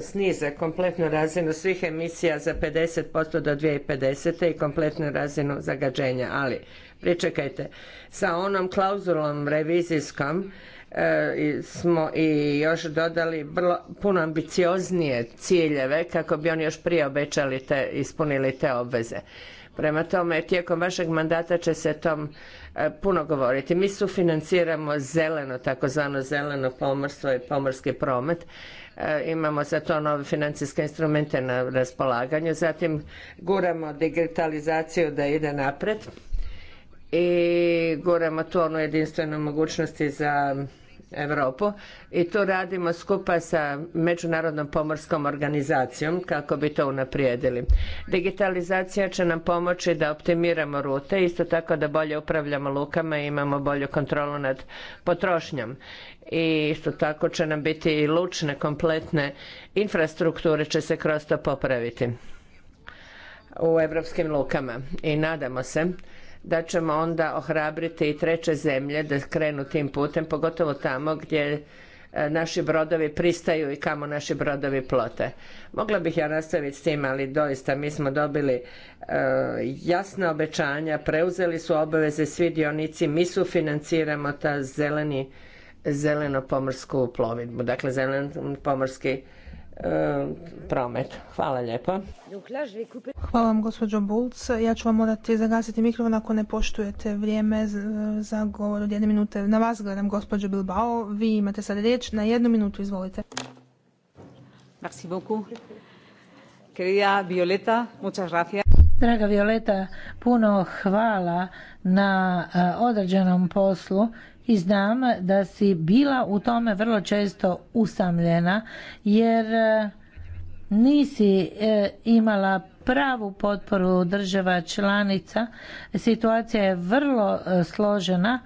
snize kompletnu razinu svih emisija za 50% do 2050. i kompletnu razinu zagađenja. Ali, pričekajte, sa onom klauzulom revizijskom e, smo i još dodali puno ambicioznije ciljeve kako bi oni još prije obećali te, ispunili te obveze. Prema tome, tijekom vašeg mandata će se tom E, puno govoriti. Mi sufinanciramo zeleno, takozvano zeleno pomorstvo i pomorski promet. E, imamo za to nove financijske instrumente na raspolaganju. Zatim guramo digitalizaciju da ide napred i guramo tu onu jedinstvenu mogućnosti za Europu i tu radimo skupa sa Međunarodnom pomorskom organizacijom kako bi to unaprijedili. Digitalizacija će nam pomoći da optimiramo rute, isto tako da bolje upravljamo lukama i imamo bolju kontrolu nad potrošnjom i isto tako će nam biti i lučne kompletne infrastrukture će se kroz to popraviti u europskim lukama i nadamo se da ćemo onda ohrabriti i treće zemlje da krenu tim putem, pogotovo tamo gdje e, naši brodovi pristaju i kamo naši brodovi plote. Mogla bih ja nastaviti s tim, ali doista mi smo dobili jasne jasna obećanja, preuzeli su obaveze svi dionici, mi sufinanciramo ta zeleni, zeleno pomorsku plovidbu, dakle zeleno pomorski E, promet. Hvala lijepa. Hvala vam gospođo Bulc. Ja ću vam morati zagasiti mikrofon ako ne poštujete vrijeme za govor od jedne minute. Na vas gledam gospođo Bilbao. Vi imate sad riječ. Na jednu minutu izvolite. Merci beaucoup. Querida Draga Violeta, puno hvala na e, određenom poslu i znam da si bila u tome vrlo često usamljena jer e, nisi e, imala pravu potporu država članica. Situacija je vrlo e, složena,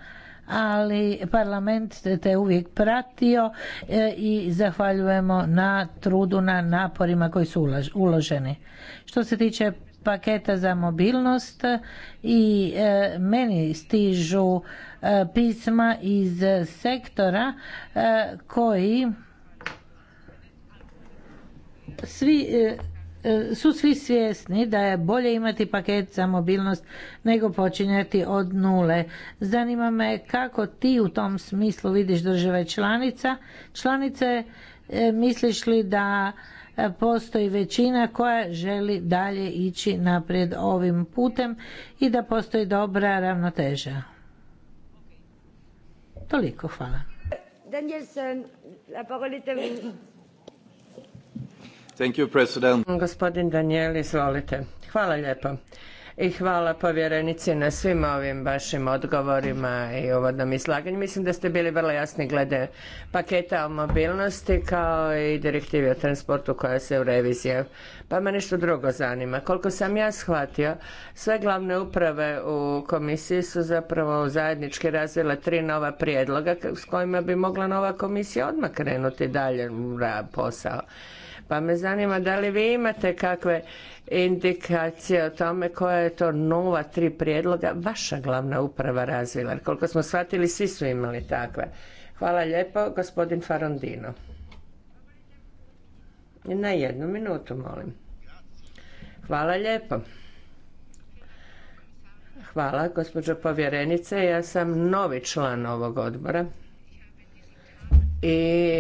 ali parlament te uvijek pratio i zahvaljujemo na trudu, na naporima koji su uloženi. Što se tiče paketa za mobilnost i meni stižu E, pisma iz sektora e, koji svi e, su svi svjesni da je bolje imati paket za mobilnost nego počinjati od nule. Zanima me kako ti u tom smislu vidiš države članica, članice, misliš li da postoji većina koja želi dalje ići naprijed ovim putem i da postoji dobra ravnoteža? Toliko, hvala. Danielson, la parole est à vous. Thank you, President. Gospodin Daniel, izvolite. Hvala lijepo i hvala povjerenici na svim ovim vašim odgovorima i uvodnom izlaganju. Mislim da ste bili vrlo jasni glede paketa o mobilnosti kao i direktivi o transportu koja se u revizije. Pa me nešto drugo zanima. Koliko sam ja shvatio, sve glavne uprave u komisiji su zapravo zajednički razvile tri nova prijedloga s kojima bi mogla nova komisija odmah krenuti dalje posao. Pa me zanima da li vi imate kakve indikacije o tome koja je to nova tri prijedloga vaša glavna uprava razvila. Koliko smo shvatili, svi su imali takve. Hvala lijepo, gospodin Farondino. Na jednu minutu, molim. Hvala lijepo. Hvala, gospođo povjerenice. Ja sam novi član ovog odbora i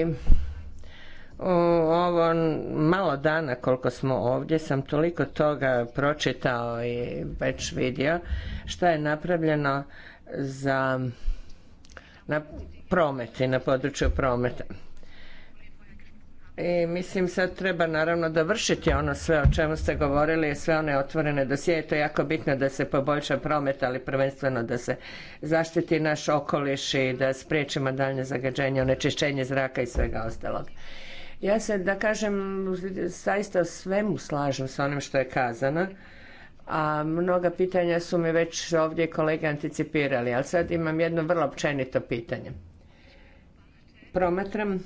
u ovo malo dana koliko smo ovdje sam toliko toga pročitao i već vidio što je napravljeno za na promet i na području prometa. I mislim sad treba naravno dovršiti ono sve o čemu ste govorili i sve one otvorene dosije. To je jako bitno da se poboljša promet, ali prvenstveno da se zaštiti naš okoliš i da spriječimo daljnje zagađenje, onečišćenje zraka i svega ostalog. Ja se, da kažem, saista svemu slažem sa onim što je kazano, a mnoga pitanja su mi već ovdje kolege anticipirali, ali sad imam jedno vrlo općenito pitanje. Promatram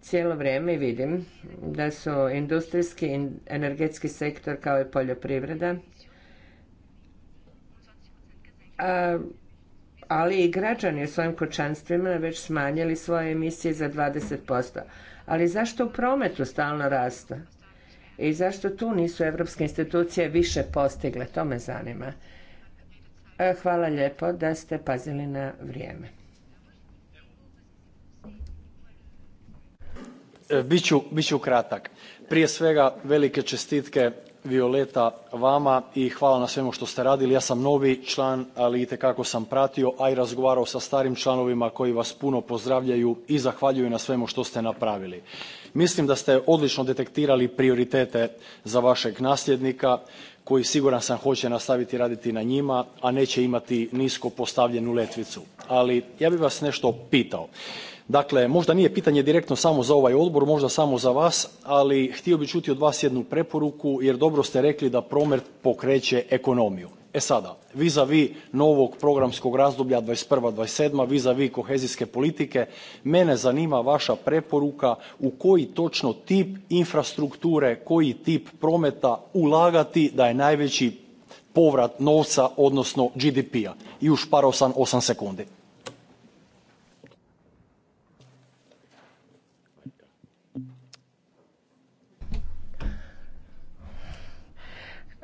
cijelo vrijeme i vidim da su industrijski i energetski sektor kao i poljoprivreda a, ali i građani u svojim kućanstvima već smanjili svoje emisije za 20%. Ali zašto u prometu stalno rasta? I zašto tu nisu evropske institucije više postigle? To me zanima. E, hvala lijepo da ste pazili na vrijeme. E, biću, biću kratak. Prije svega velike čestitke Violeta vama i hvala na svemu što ste radili. Ja sam novi član, ali itekako sam pratio, a i razgovarao sa starim članovima koji vas puno pozdravljaju i zahvaljuju na svemu što ste napravili. Mislim da ste odlično detektirali prioritete za vašeg nasljednika koji siguran sam hoće nastaviti raditi na njima, a neće imati nisko postavljenu letvicu. Ali ja bih vas nešto pitao. Dakle, možda nije pitanje direktno samo za ovaj odbor, možda samo za vas, ali htio bih čuti od vas jednu preporuku jer dobro ste rekli da promet pokreće ekonomiju. E sada, vis a vis novog programskog razdoblja 21.-27., vis a vis kohezijske politike, mene zanima vaša preporuka u koji točno tip infrastrukture, koji tip prometa ulagati da je najveći povrat novca, odnosno GDP-a. I ušparao sam 8 sekundi.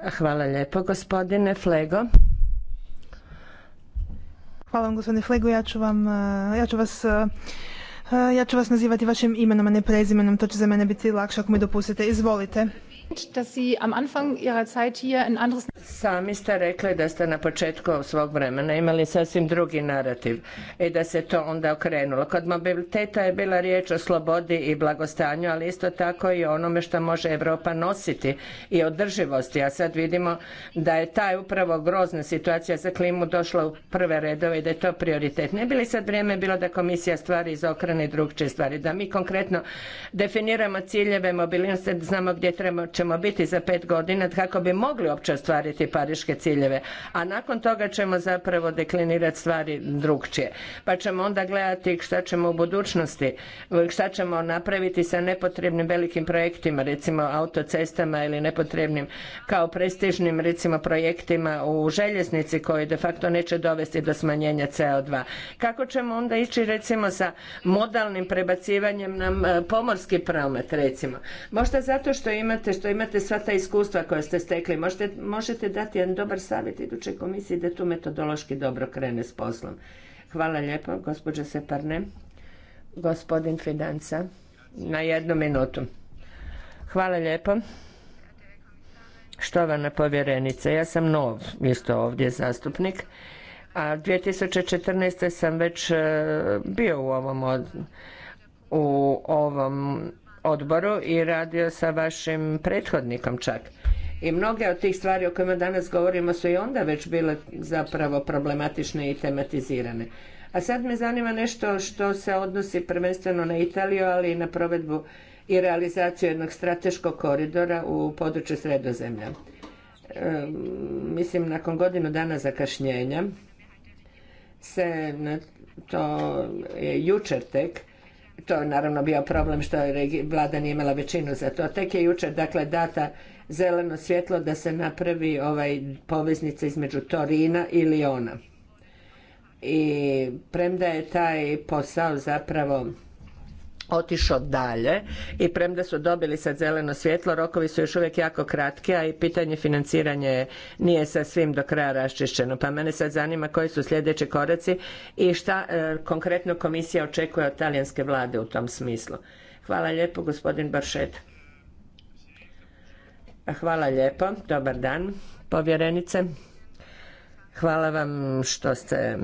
Hvala lijepo gospodine Flego. Hvala vam gospodine Flego, ja ću e, vas e, e, ja ću vas nazivati vašim imenom, a ne prezimenom, to će za mene biti lakše ako mi dopustite. Izvolite. Sami ste rekli da ste na početku svog vremena imali sasvim drugi narativ i da se to onda okrenulo. Kod mobiliteta je bila riječ o slobodi i blagostanju, ali isto tako i onome što može Europa nositi i održivosti. A sad vidimo da je taj upravo grozna situacija za klimu došla u prve redove i da je to prioritet. Ne bi li sad vrijeme bilo da komisija stvari izokrene i drugčije stvari, da mi konkretno definiramo ciljeve mobilnosti, znamo gdje trebamo ćemo biti za pet godina kako bi mogli uopće ostvariti pariške ciljeve, a nakon toga ćemo zapravo deklinirati stvari drugčije. Pa ćemo onda gledati šta ćemo u budućnosti, šta ćemo napraviti sa nepotrebnim velikim projektima, recimo autocestama ili nepotrebnim kao prestižnim recimo projektima u željeznici koji de facto neće dovesti do smanjenja CO2. Kako ćemo onda ići recimo sa modalnim prebacivanjem na e, pomorski promet recimo? Možda zato što imate što imate sva ta iskustva koja ste stekli, možete, dati jedan dobar savjet idućoj komisiji da tu metodološki dobro krene s poslom. Hvala lijepo, gospođa Separne. Gospodin Fidanca, na jednu minutu. Hvala lijepo. Štovana povjerenice, ja sam nov isto ovdje zastupnik, a 2014. sam već e, bio u ovom u ovom odboru i radio sa vašim prethodnikom čak. I mnoge od tih stvari o kojima danas govorimo su i onda već bile zapravo problematične i tematizirane. A sad me zanima nešto što se odnosi prvenstveno na Italiju, ali i na provedbu i realizaciju jednog strateškog koridora u području sredozemlja. E, mislim, nakon godinu dana zakašnjenja se to je jučer tek to je naravno bio problem što je vlada nije imala većinu za to. Tek je jučer dakle data zeleno svjetlo da se napravi ovaj poveznica između Torina i Liona. I premda je taj posao zapravo otišao dalje i premda su dobili sad zeleno svjetlo, rokovi su još uvijek jako kratki, a i pitanje financiranja nije sa svim do kraja raščišćeno. Pa mene sad zanima koji su sljedeći koraci i šta e, konkretno komisija očekuje od talijanske vlade u tom smislu. Hvala lijepo, gospodin Baršet. Hvala lijepo, dobar dan, povjerenice. Hvala vam što ste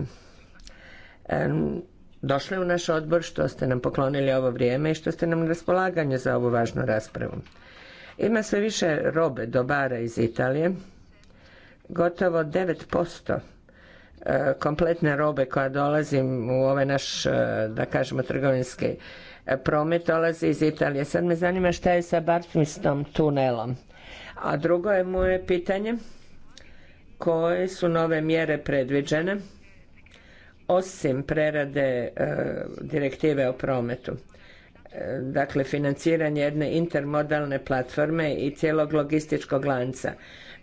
došli u naš odbor, što ste nam poklonili ovo vrijeme i što ste nam na raspolaganje za ovu važnu raspravu. Ima sve više robe, dobara iz Italije, gotovo 9% e, kompletne robe koja dolazi u ovaj naš, e, da kažemo, trgovinski e, promet dolazi iz Italije. Sad me zanima šta je sa Bartmistom tunelom. A drugo je moje pitanje koje su nove mjere predviđene osim prerade e, direktive o prometu e, dakle financiranje jedne intermodalne platforme i cijelog logističkog lanca.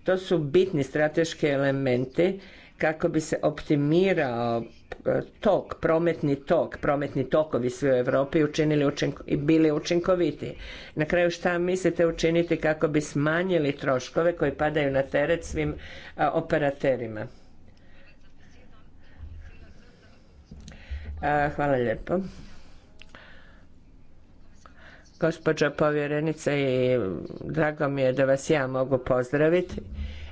To su bitni strateški elementi kako bi se optimirao e, tok, prometni tok, prometni tokovi svi u Europi učinili i bili učinkoviti. Na kraju šta mislite učiniti kako bi smanjili troškove koji padaju na teret svim operaterima? Hvala lijepo. Gospođo povjerenica, i drago mi je da vas ja mogu pozdraviti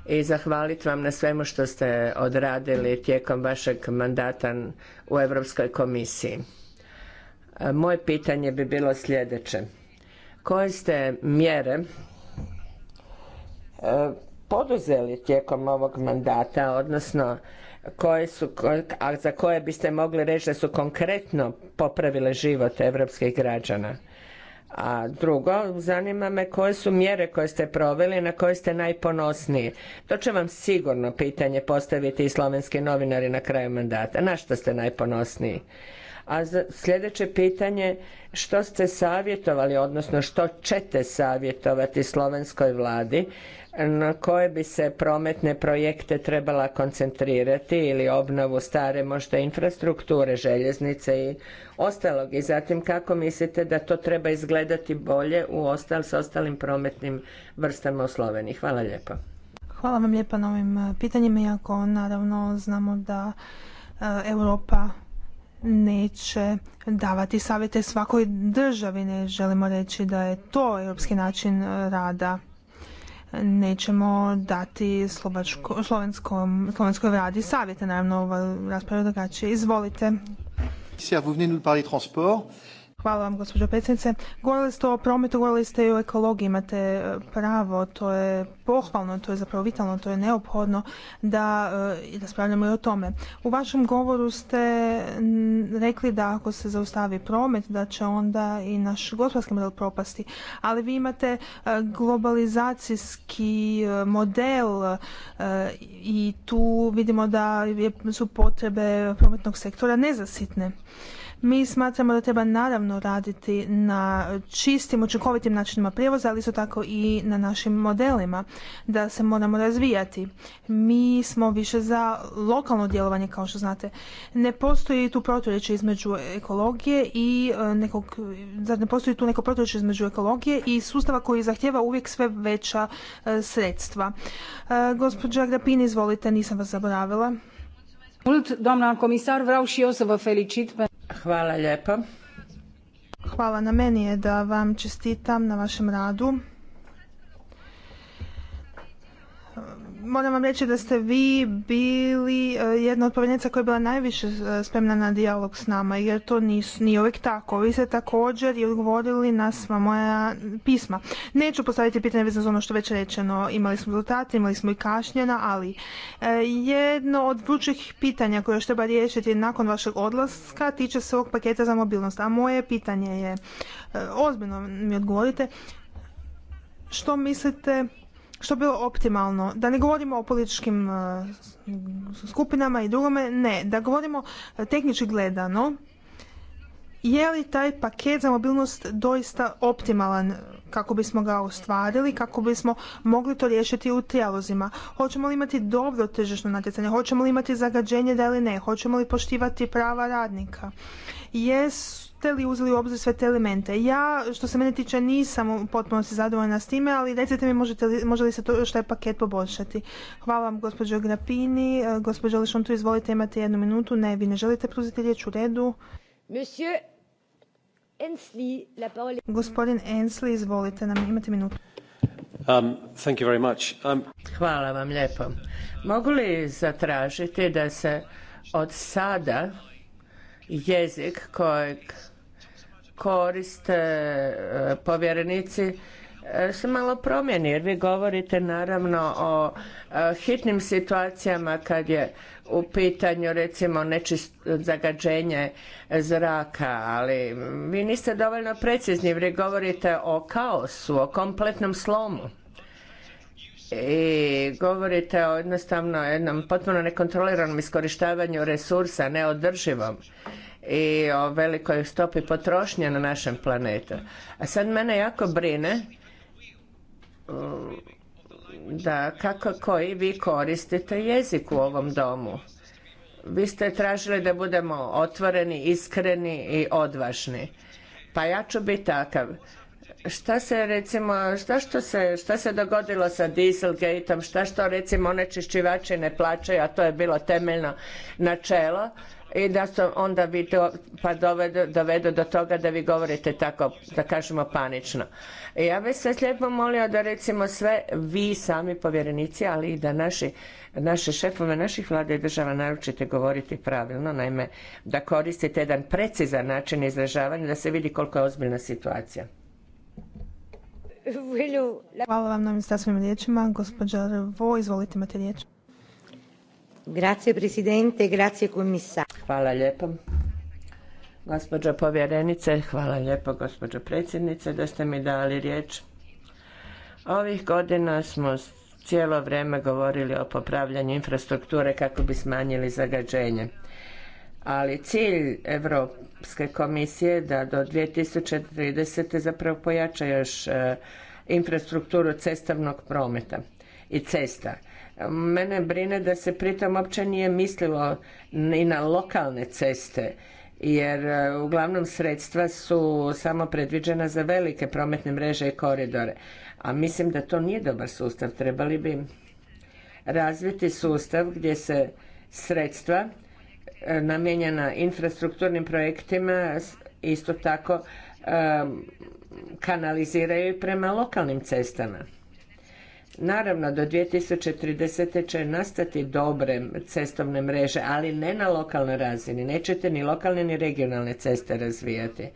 i zahvaliti vam na svemu što ste odradili tijekom vašeg mandata u Europskoj komisiji. Moje pitanje bi bilo sljedeće. Koje ste mjere e, poduzeli tijekom ovog mandata, odnosno koje su, a za koje biste mogli reći da su konkretno popravile život evropskih građana. A drugo, zanima me koje su mjere koje ste proveli, na koje ste najponosniji. To će vam sigurno pitanje postaviti i slovenski novinari na kraju mandata. Na što ste najponosniji? A sljedeće pitanje, što ste savjetovali, odnosno što ćete savjetovati slovenskoj vladi na koje bi se prometne projekte trebala koncentrirati ili obnovu stare možda infrastrukture, željeznice i ostalog. I zatim kako mislite da to treba izgledati bolje u ostal, s ostalim prometnim vrstama u Sloveniji? Hvala lijepo. Hvala vam lijepa na ovim e, pitanjima, iako naravno znamo da e, Europa neće davati savjete svakoj državi. Ne želimo reći da je to europski način e, rada nećemo dati slovačko, slovenskom, slovenskoj vladi savjete. Naravno, ova rasprava drugačije. Izvolite. Vous venez nous parler transport. Hvala vam, gospođo predsjednice. Govorili ste o prometu, govorili ste i o ekologiji, imate e, pravo, to je pohvalno, to je zapravo vitalno, to je neophodno da raspravljamo e, i o tome. U vašem govoru ste rekli da ako se zaustavi promet, da će onda i naš gospodarski model propasti, ali vi imate e, globalizacijski model i tu vidimo da su potrebe prometnog sektora nezasitne. Mi smatramo da treba naravno raditi na čistim, učinkovitim načinima prijevoza, ali isto tako i na našim modelima, da se moramo razvijati. Mi smo više za lokalno djelovanje, kao što znate. Ne postoji tu proturječe između ekologije i e, nekog, zar ne postoji tu neko proturječe između ekologije i sustava koji zahtjeva uvijek sve veća e, sredstva. E, gospođa izvolite, nisam vas zaboravila. Mult, komisar, vreau și eu felicit Hvala Hvala na meni je da vam čestitam na vašem radu. moram vam reći da ste vi bili e, jedna od povjerenica koja je bila najviše e, spremna na dijalog s nama, jer to nije uvijek tako. Vi ste također i odgovorili na sva moja pisma. Neću postaviti pitanje vezano za ono što već rečeno. Imali smo rezultate, imali smo i kašnjena, ali e, jedno od vrućih pitanja koje još treba riješiti nakon vašeg odlaska tiče se ovog paketa za mobilnost. A moje pitanje je, ozbiljno mi odgovorite, što mislite što bi bilo optimalno. Da ne govorimo o političkim e, skupinama i drugome, ne. Da govorimo e, tehnički gledano, je li taj paket za mobilnost doista optimalan kako bismo ga ostvarili, kako bismo mogli to riješiti u trijalozima. Hoćemo li imati dobro tržišno natjecanje, hoćemo li imati zagađenje da ili ne, hoćemo li poštivati prava radnika. Jesu ste li uzeli u obzir sve te elemente? Ja, što se mene tiče, nisam potpuno potpunosti zadovoljna s time, ali recite mi možete li, može li se to što je paket poboljšati. Hvala vam gospođo Grapini. E, gospođo tu izvolite, imate jednu minutu. Ne, vi ne želite pruziti riječ u redu. Monsieur Ensley, la parole... Gospodin Ensli, izvolite nam, imate minutu. Um, thank you very much. Um, Hvala vam lijepo. Mogu li zatražiti da se od sada jezik kojeg koriste e, povjerenici e, se malo promijeni jer vi govorite naravno o e, hitnim situacijama kad je u pitanju recimo nečisto zagađenje zraka, ali vi niste dovoljno precizni vi govorite o kaosu, o kompletnom slomu i govorite o jednostavno jednom potpuno nekontroliranom iskorištavanju resursa, neodrživom i o velikoj stopi potrošnje na našem planetu. A sad mene jako brine mm, da kako koji vi koristite jezik u ovom domu. Vi ste tražili da budemo otvoreni, iskreni i odvažni. Pa ja ću biti takav. Šta se recimo, šta što se, šta se dogodilo sa Dieselgateom, šta što recimo onečišćivači ne plaćaju, a to je bilo temeljno načelo, i da se onda vi to pa dovedu, do toga da vi govorite tako, da kažemo panično. ja bih se lijepo molio da recimo sve vi sami povjerenici, ali i da naši, naše šefove naših vlada i država naručite govoriti pravilno, naime da koristite jedan precizan način izražavanja da se vidi koliko je ozbiljna situacija. Hvala vam na ministarstvim riječima. Gospođa Revo, izvolite imate riječ. Grazie presidente, grazie Hvala lijepo. Gospođo povjerenice, hvala lijepo gospođo predsjednice da ste mi dali riječ. Ovih godina smo cijelo vrijeme govorili o popravljanju infrastrukture kako bi smanjili zagađenje. Ali cilj Europske komisije je da do 2030. zapravo pojača još e, infrastrukturu cestovnog prometa i cesta Mene brine da se pritom uopće nije mislilo ni na lokalne ceste jer e, uglavnom sredstva su samo predviđena za velike prometne mreže i koridore. A mislim da to nije dobar sustav. Trebali bi razviti sustav gdje se sredstva e, namijenjena infrastrukturnim projektima isto tako e, kanaliziraju prema lokalnim cestama. Naravno, do 2030. će nastati dobre cestovne mreže, ali ne na lokalnoj razini. Nećete ni lokalne ni regionalne ceste razvijati.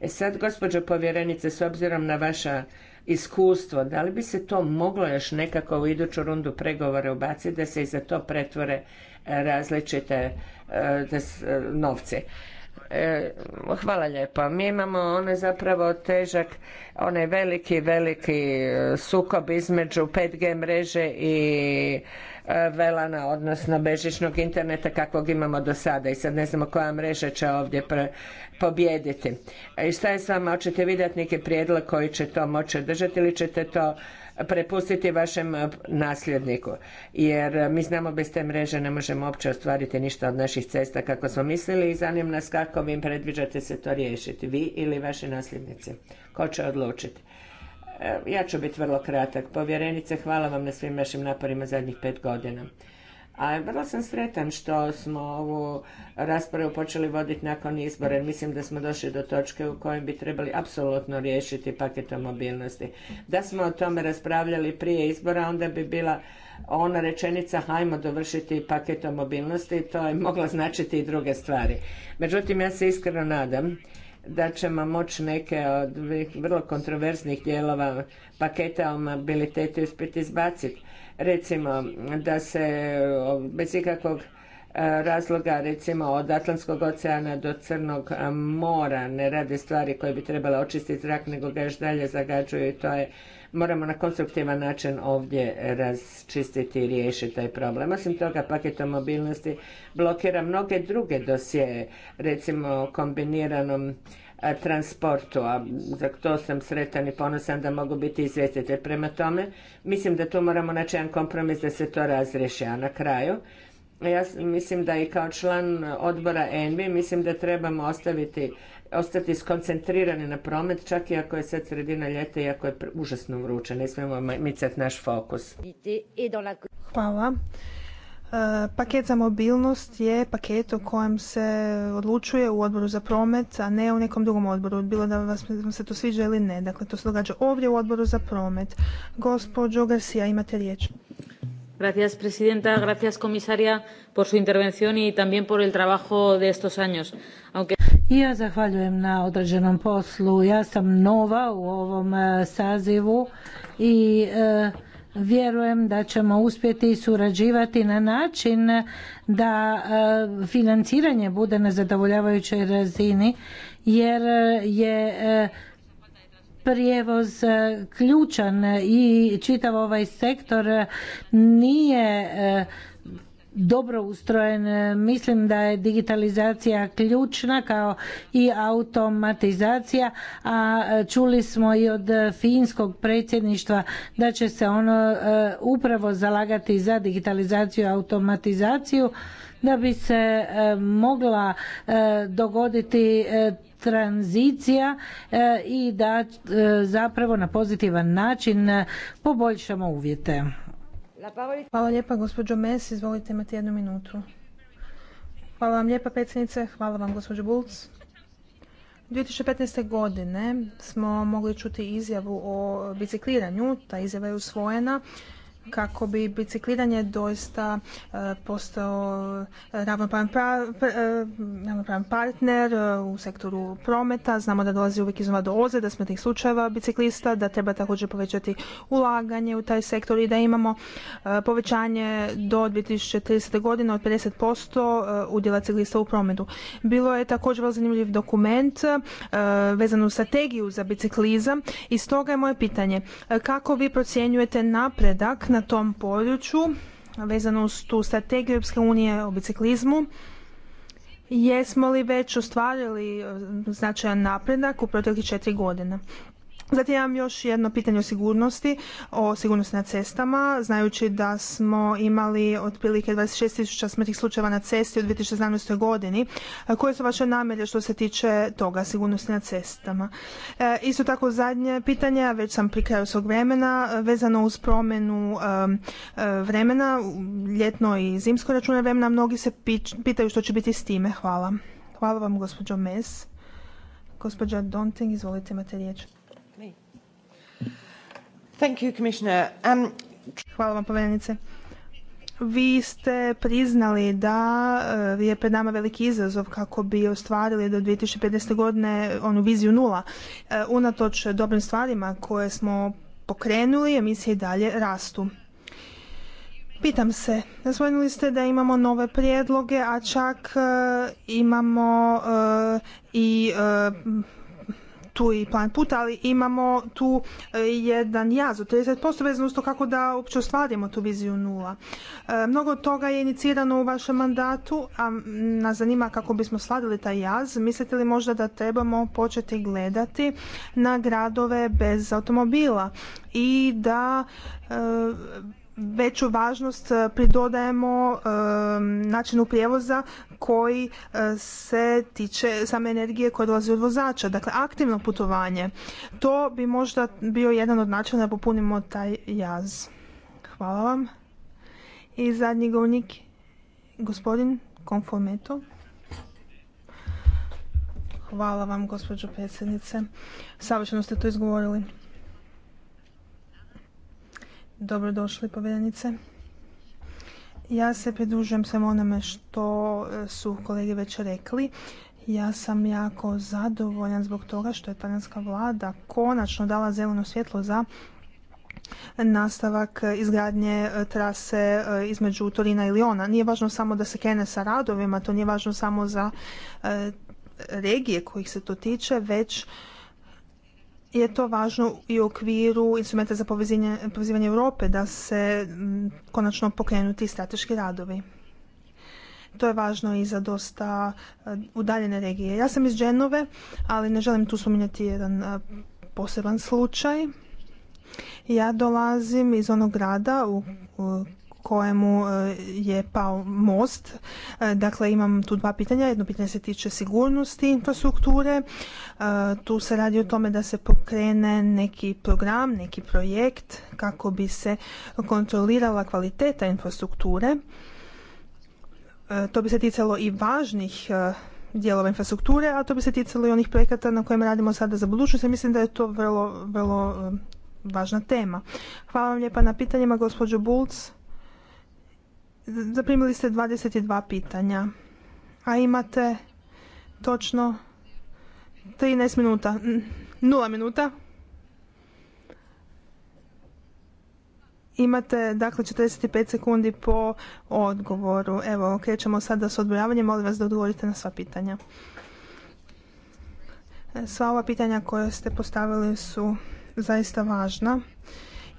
E sad, gospođo povjerenice, s obzirom na vaša iskustvo, da li bi se to moglo još nekako u iduću rundu pregovore ubaciti da se i za to pretvore e, različite e, e, novce? E, hvala lijepo. Mi imamo onaj zapravo težak, onaj veliki, veliki e, sukob između 5G mreže i e, velana, odnosno bežičnog interneta kakvog imamo do sada i sad ne znamo koja mreža će ovdje pobijediti. pobjediti. I šta je s vama, hoćete vidjeti neki prijedlog koji će to moći držati ili ćete to prepustiti vašem eh, nasljedniku. Jer eh, mi znamo bez te mreže ne možemo uopće ostvariti ništa od naših cesta kako smo mislili i zanim nas kako vi predviđate se to riješiti. Vi ili vaši nasljednici. Ko će odlučiti? Eh, ja ću biti vrlo kratak. Povjerenice, hvala vam na svim našim naporima zadnjih pet godina. A vrlo sam sretan što smo ovu raspravu počeli voditi nakon izbora, jer mislim da smo došli do točke u kojoj bi trebali apsolutno riješiti paket o mobilnosti. Da smo o tome raspravljali prije izbora, onda bi bila ona rečenica hajmo dovršiti paket o mobilnosti, to je moglo značiti i druge stvari. Međutim, ja se iskreno nadam da ćemo moći neke od vrlo kontroverznih dijelova paketa o mobilitetu uspjeti izbaciti recimo da se bez ikakvog e, razloga recimo od Atlantskog oceana do Crnog mora ne rade stvari koje bi trebala očistiti zrak nego ga još dalje zagađuju i to je moramo na konstruktivan način ovdje razčistiti i riješiti taj problem. Osim toga, paket o mobilnosti blokira mnoge druge dosije, recimo kombiniranom transportu, a za to sam sretan i ponosan da mogu biti izvjestitelj. Prema tome, mislim da tu moramo naći jedan kompromis da se to razriješi. A na kraju, ja mislim da i kao član odbora ENVI, mislim da trebamo ostaviti, ostati skoncentrirani na promet, čak i ako je sad sredina ljeta i ako je užasno vruće. Ne smijemo micati naš fokus. Hvala. E, paket za mobilnost je paket o kojem se odlučuje u odboru za promet, a ne u nekom drugom odboru, bilo da vas se to sviđa ili ne. Dakle, to se događa ovdje u odboru za promet. Gospođo Garcia, imate riječ. Gracias, presidenta. Gracias, comisaria, por su intervención i también por el trabajo de estos años. Aunque... Ja zahvaljujem na određenom poslu. Ja sam nova u ovom e, sazivu i... E, vjerujem da ćemo uspjeti surađivati na način da e, financiranje bude na zadovoljavajućoj razini jer je e, prijevoz e, ključan i čitav ovaj sektor nije dobro ustrojen. Mislim da je digitalizacija ključna kao i automatizacija, a e, čuli smo i od finskog predsjedništva da će se ono e, upravo zalagati za digitalizaciju i automatizaciju da bi se e, mogla dogoditi tranzicija i da zapravo na pozitivan način poboljšamo uvjete. Hvala lijepa, gospođo Mes, izvolite imati jednu minutu. Hvala vam lijepa, predsjednice, hvala vam, gospođo Bulc. 2015. godine smo mogli čuti izjavu o bicikliranju, ta izjava je usvojena kako bi bicikliranje doista e, postao e, e, ravnopravan partner u sektoru prometa. Znamo da dolazi uvijek iznova do da smrtnih slučajeva biciklista, da treba također povećati ulaganje u taj sektor i da imamo povećanje do 2030. godine od 50% udjela ciklista u prometu. Bilo je također zanimljiv dokument vezan u strategiju za biciklizam i stoga je moje pitanje kako vi procjenjujete napredak na tom području vezano uz tu strategiju Europske unije o biciklizmu. Jesmo li već ostvarili e, značajan napredak u proteklih četiri godine? Zatim imam još jedno pitanje o sigurnosti, o sigurnosti na cestama, znajući da smo imali otprilike 26.000 smrtnih slučajeva na cesti u 2017. godini. Koje su vaše namjere što se tiče toga, sigurnosti na cestama? E, isto tako zadnje pitanje, već sam pri kraju svog vremena, vezano uz promjenu e, vremena, ljetno i zimsko račune vremena, mnogi se pitaju što će biti s time. Hvala. Hvala vam, gospođo Mes. Gospođa Donting, izvolite, imate riječ. Um, Hvala vam, povjerenice. Vi ste priznali da uh, je pred nama veliki izazov kako bi ostvarili do 2050. godine onu viziju nula. Uh, unatoč dobrim stvarima koje smo pokrenuli, emisije i dalje rastu. Pitam se, razvojnili ste da imamo nove prijedloge, a čak uh, imamo i tu i plan puta, ali imamo tu e, jedan jaz od 30% vezano uz kako da uopće ostvarimo tu viziju nula. E, mnogo toga je inicirano u vašem mandatu, a nas zanima kako bismo sladili taj jaz. Mislite li možda da trebamo početi gledati na gradove bez automobila i da e, veću važnost e, pridodajemo e, načinu prijevoza koji e, se tiče same energije koja dolazi od vozača, dakle aktivno putovanje. To bi možda bio jedan od načina da popunimo taj jaz. Hvala vam. I zadnji govornik, gospodin Konformeto. Hvala vam, gospođo predsjednice. Savršeno ste to izgovorili. Dobrodošli povjerenice. Ja se pridružujem svemu onome što e, su kolege već rekli. Ja sam jako zadovoljan zbog toga što je talijanska vlada konačno dala zeleno svjetlo za nastavak izgradnje e, trase e, između Torina i Liona. Nije važno samo da se krene sa radovima, to nije važno samo za regije kojih se to tiče, već je to važno i u okviru instrumenta za povezivanje Europe da se konačno pokrenu ti strateški radovi. To je važno i za dosta e, udaljene regije. Ja sam iz Dženove, ali ne želim tu spominjati jedan e, poseban slučaj. Ja dolazim iz onog grada u kojemu e, je pao most. E, dakle, imam tu dva pitanja. Jedno pitanje se tiče sigurnosti infrastrukture. E, tu se radi o tome da se pokrene neki program, neki projekt kako bi se kontrolirala kvaliteta infrastrukture. To bi se ticalo i važnih dijelova infrastrukture, a to bi se ticalo i onih projekata na kojima radimo sada za budućnost. mislim da je to vrlo, vrlo važna tema. Hvala vam lijepa na pitanjima, gospođo Bulc zaprimili ste 22 pitanja, a imate točno 13 minuta, nula minuta. Imate dakle 45 sekundi po odgovoru. Evo, krećemo sada s odbrojavanjem, molim vas da odgovorite na sva pitanja. E, sva ova pitanja koje ste postavili su zaista važna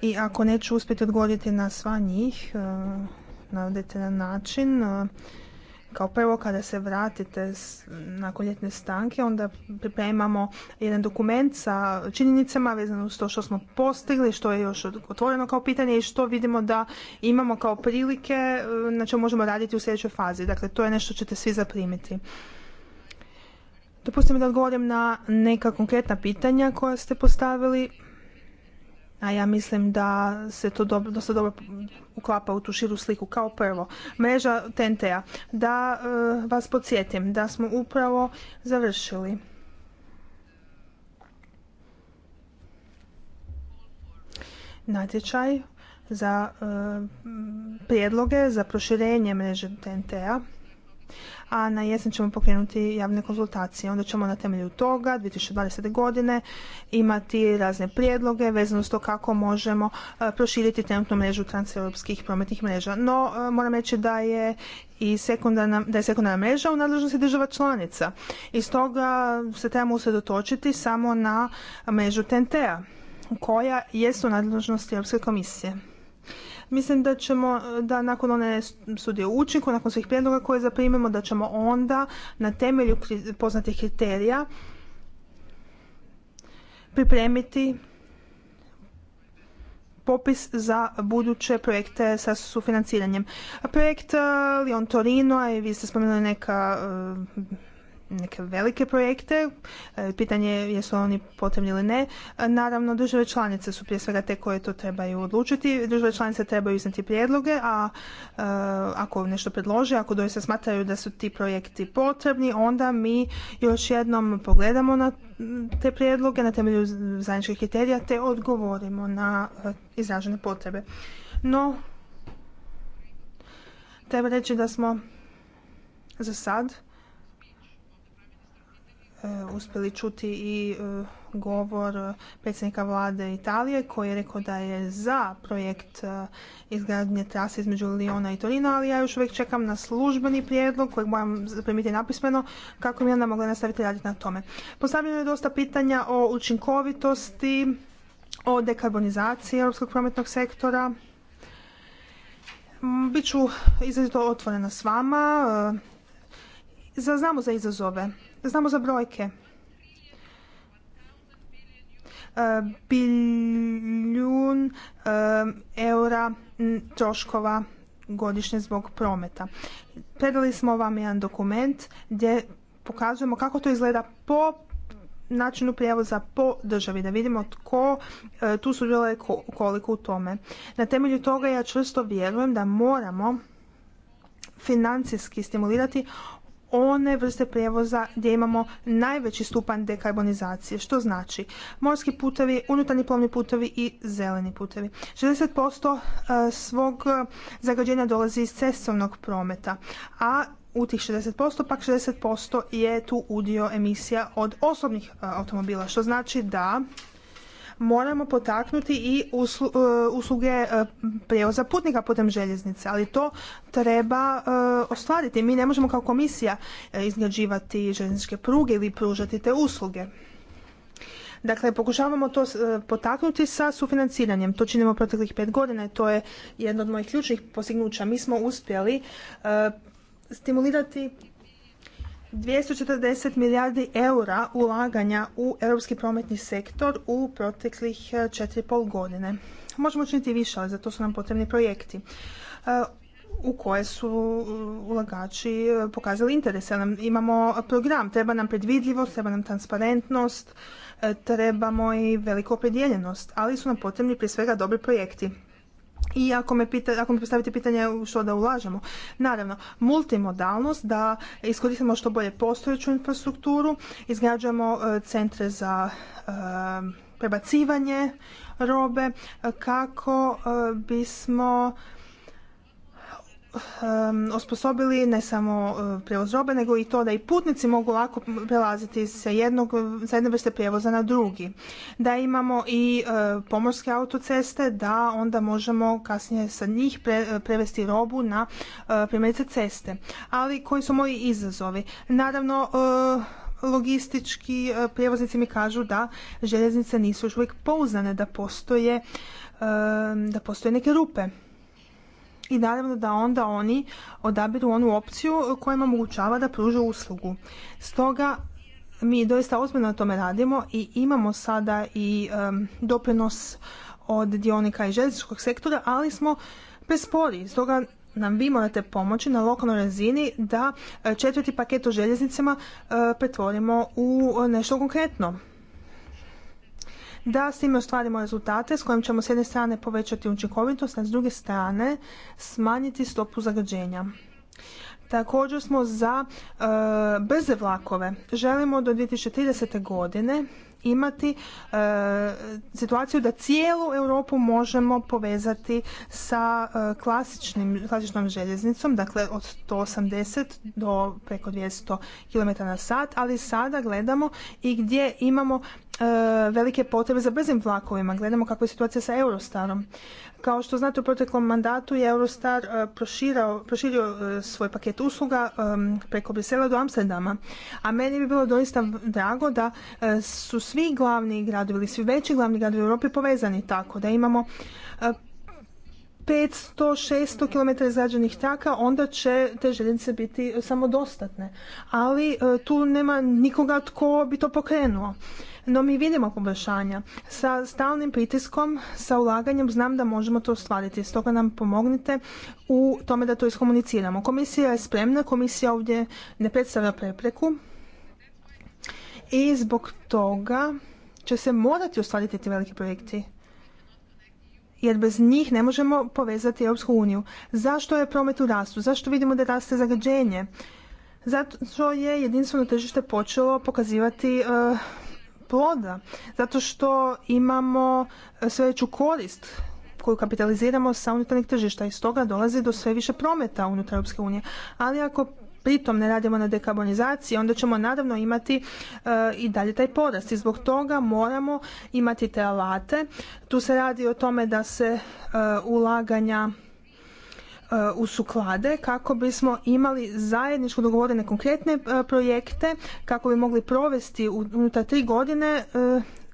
i ako neću uspjeti odgovoriti na sva njih, e, na način. Kao prvo kada se vratite nakon ljetne stanke onda pripremamo jedan dokument sa činjenicama vezano uz to što smo postigli, što je još otvoreno kao pitanje i što vidimo da imamo kao prilike e, na čemu možemo raditi u sljedećoj fazi. Dakle, to je nešto što ćete svi zaprimiti. Dopustite mi da odgovorim na neka konkretna pitanja koja ste postavili a ja mislim da se to dobro, dosta dobro uklapa u tu širu sliku. Kao prvo, mreža TNT-a. Da e, vas podsjetim da smo upravo završili natječaj za e, prijedloge za proširenje mreže TNT-a a na jesen ćemo pokrenuti javne konzultacije. Onda ćemo na temelju toga 2020. godine imati razne prijedloge vezano s to kako možemo e, proširiti trenutnu mrežu transeuropskih prometnih mreža. No, e, moram reći da je i sekundarna, da je sekundarna mreža u nadležnosti država članica. I stoga se trebamo usredotočiti samo na mrežu TNT-a koja jest u nadležnosti Europske komisije. Mislim da ćemo, da nakon one studije učinku, nakon svih prijedloga koje zaprimimo, da ćemo onda na temelju poznatih kriterija pripremiti popis za buduće projekte sa sufinanciranjem. projekt eh, Lion Torino, i vi ste spomenuli neka eh, neke velike projekte, e, pitanje je jesu oni potrebni ili ne. E, naravno, države članice su prije svega te koje to trebaju odlučiti. Države članice trebaju iznati prijedloge, a e, ako nešto predlože, ako doista smatraju da su ti projekti potrebni, onda mi još jednom pogledamo na te prijedloge na temelju zajedničkih kriterija te odgovorimo na izražene potrebe. No, treba reći da smo za sad E, uspjeli čuti i e, govor e, predsjednika vlade Italije koji je rekao da je za projekt izgradnje trase između Liona i Torina, ali ja još uvijek čekam na službeni prijedlog kojeg moram zaprimiti napismeno kako bi onda mogla nastaviti raditi na tome. Postavljeno je dosta pitanja o učinkovitosti, o dekarbonizaciji europskog prometnog sektora. Mm, Biću izrazito otvorena s vama. Znamo za izazove znamo za brojke. E, biljun e, eura troškova godišnje zbog prometa. Predali smo vam jedan dokument gdje pokazujemo kako to izgleda po načinu prijevoza po državi, da vidimo tko e, tu sudjeluje koliko u tome. Na temelju toga ja čvrsto vjerujem da moramo financijski stimulirati one vrste prijevoza gdje imamo najveći stupanj dekarbonizacije, što znači morski putevi, unutarnji plovni putevi i zeleni putevi. 60% e, svog zagađenja dolazi iz cestovnog prometa, a u tih 60%, pak 60% je tu udio emisija od osobnih e, automobila, što znači da moramo potaknuti i e, usluge e, prijevoza putnika putem željeznice, ali to treba e, ostvariti. Mi ne možemo kao komisija izgrađivati željezničke pruge ili pružati te usluge. Dakle, pokušavamo to potaknuti sa sufinanciranjem. To činimo proteklih pet godina i to je jedno od mojih ključnih postignuća. Mi smo uspjeli stimulirati 240 milijardi eura ulaganja u europski prometni sektor u proteklih 4,5 e, godine. Možemo učiniti više, ali za to su nam potrebni projekti e, u koje su e, ulagači pokazali interes. imamo program, treba nam predvidljivost, treba nam transparentnost, trebamo i veliku opredjeljenost, ali su nam potrebni prije svega dobri projekti. I ako, me pita, ako mi postavite pitanje u što da ulažemo, naravno, multimodalnost, da iskoristimo što bolje postojeću infrastrukturu, izgrađujemo e, centre za e, prebacivanje robe e, kako bismo osposobili ne samo e, prijevoz robe, nego i to da i putnici mogu lako prelaziti sa jednog, sa jedne vrste prijevoza na drugi. Da imamo i e, pomorske autoceste, da onda možemo kasnije sa njih prevesti robu na uh, primjerice ceste. Ali koji su moji izazovi? Naravno, logistički prijevoznici mi kažu da željeznice nisu još uvijek pouzdane, da postoje da postoje neke rupe i naravno da onda oni odabiru onu opciju koja im omogućava da pružu uslugu. Stoga mi doista ozbiljno na tome radimo i imamo sada i doprinos od dionika i željezničkog sektora, ali smo prespori. Stoga nam vi morate pomoći na lokalnoj razini da e, četvrti paket o željeznicama e, pretvorimo u e, nešto konkretno da s time ostvarimo rezultate s kojim ćemo s jedne strane povećati učinkovitost, a s druge strane smanjiti stopu zagađenja. Također smo za e, brze vlakove. Želimo do 2030. godine imati e, situaciju da cijelu Europu možemo povezati sa e, klasičnom željeznicom, dakle od 180 do preko 200 km na sat, ali sada gledamo i gdje imamo E, velike potrebe za brzim vlakovima. Gledamo kakva je situacija sa Eurostarom. Kao što znate u proteklom mandatu je Eurostar e, proširio e, svoj paket usluga preko Brisela do Amsterdama. A meni bi bilo doista drago da su svi glavni gradovi ili svi veći glavni gradovi u Europi povezani tako da imamo 500-600 km izgrađenih traka, onda će te željeznice biti samodostatne. Ali tu nema nikoga tko bi to pokrenuo. No mi vidimo poboljšanja. Sa stalnim pritiskom, sa ulaganjem znam da možemo to ostvariti. Stoga nam pomognite u tome da to iskomuniciramo. Komisija je spremna, komisija ovdje ne predstavlja prepreku i zbog toga će se morati ostvariti ti veliki projekti jer bez njih ne možemo povezati Europsku uniju. Zašto je promet u rastu? Zašto vidimo da raste zagađenje? Zato je jedinstveno tržište počelo pokazivati eh, ploda, zato što imamo e, sve veću korist koju kapitaliziramo sa unutarnjeg tržišta i stoga dolazi do sve više prometa unutar Europske unije. Ali ako pritom ne radimo na dekarbonizaciji, onda ćemo naravno imati e, i dalje taj porast i zbog toga moramo imati te alate. Tu se radi o tome da se e, ulaganja E, usuklade kako bismo imali zajedničko dogovorene konkretne e, projekte kako bi mogli provesti unutar tri godine e,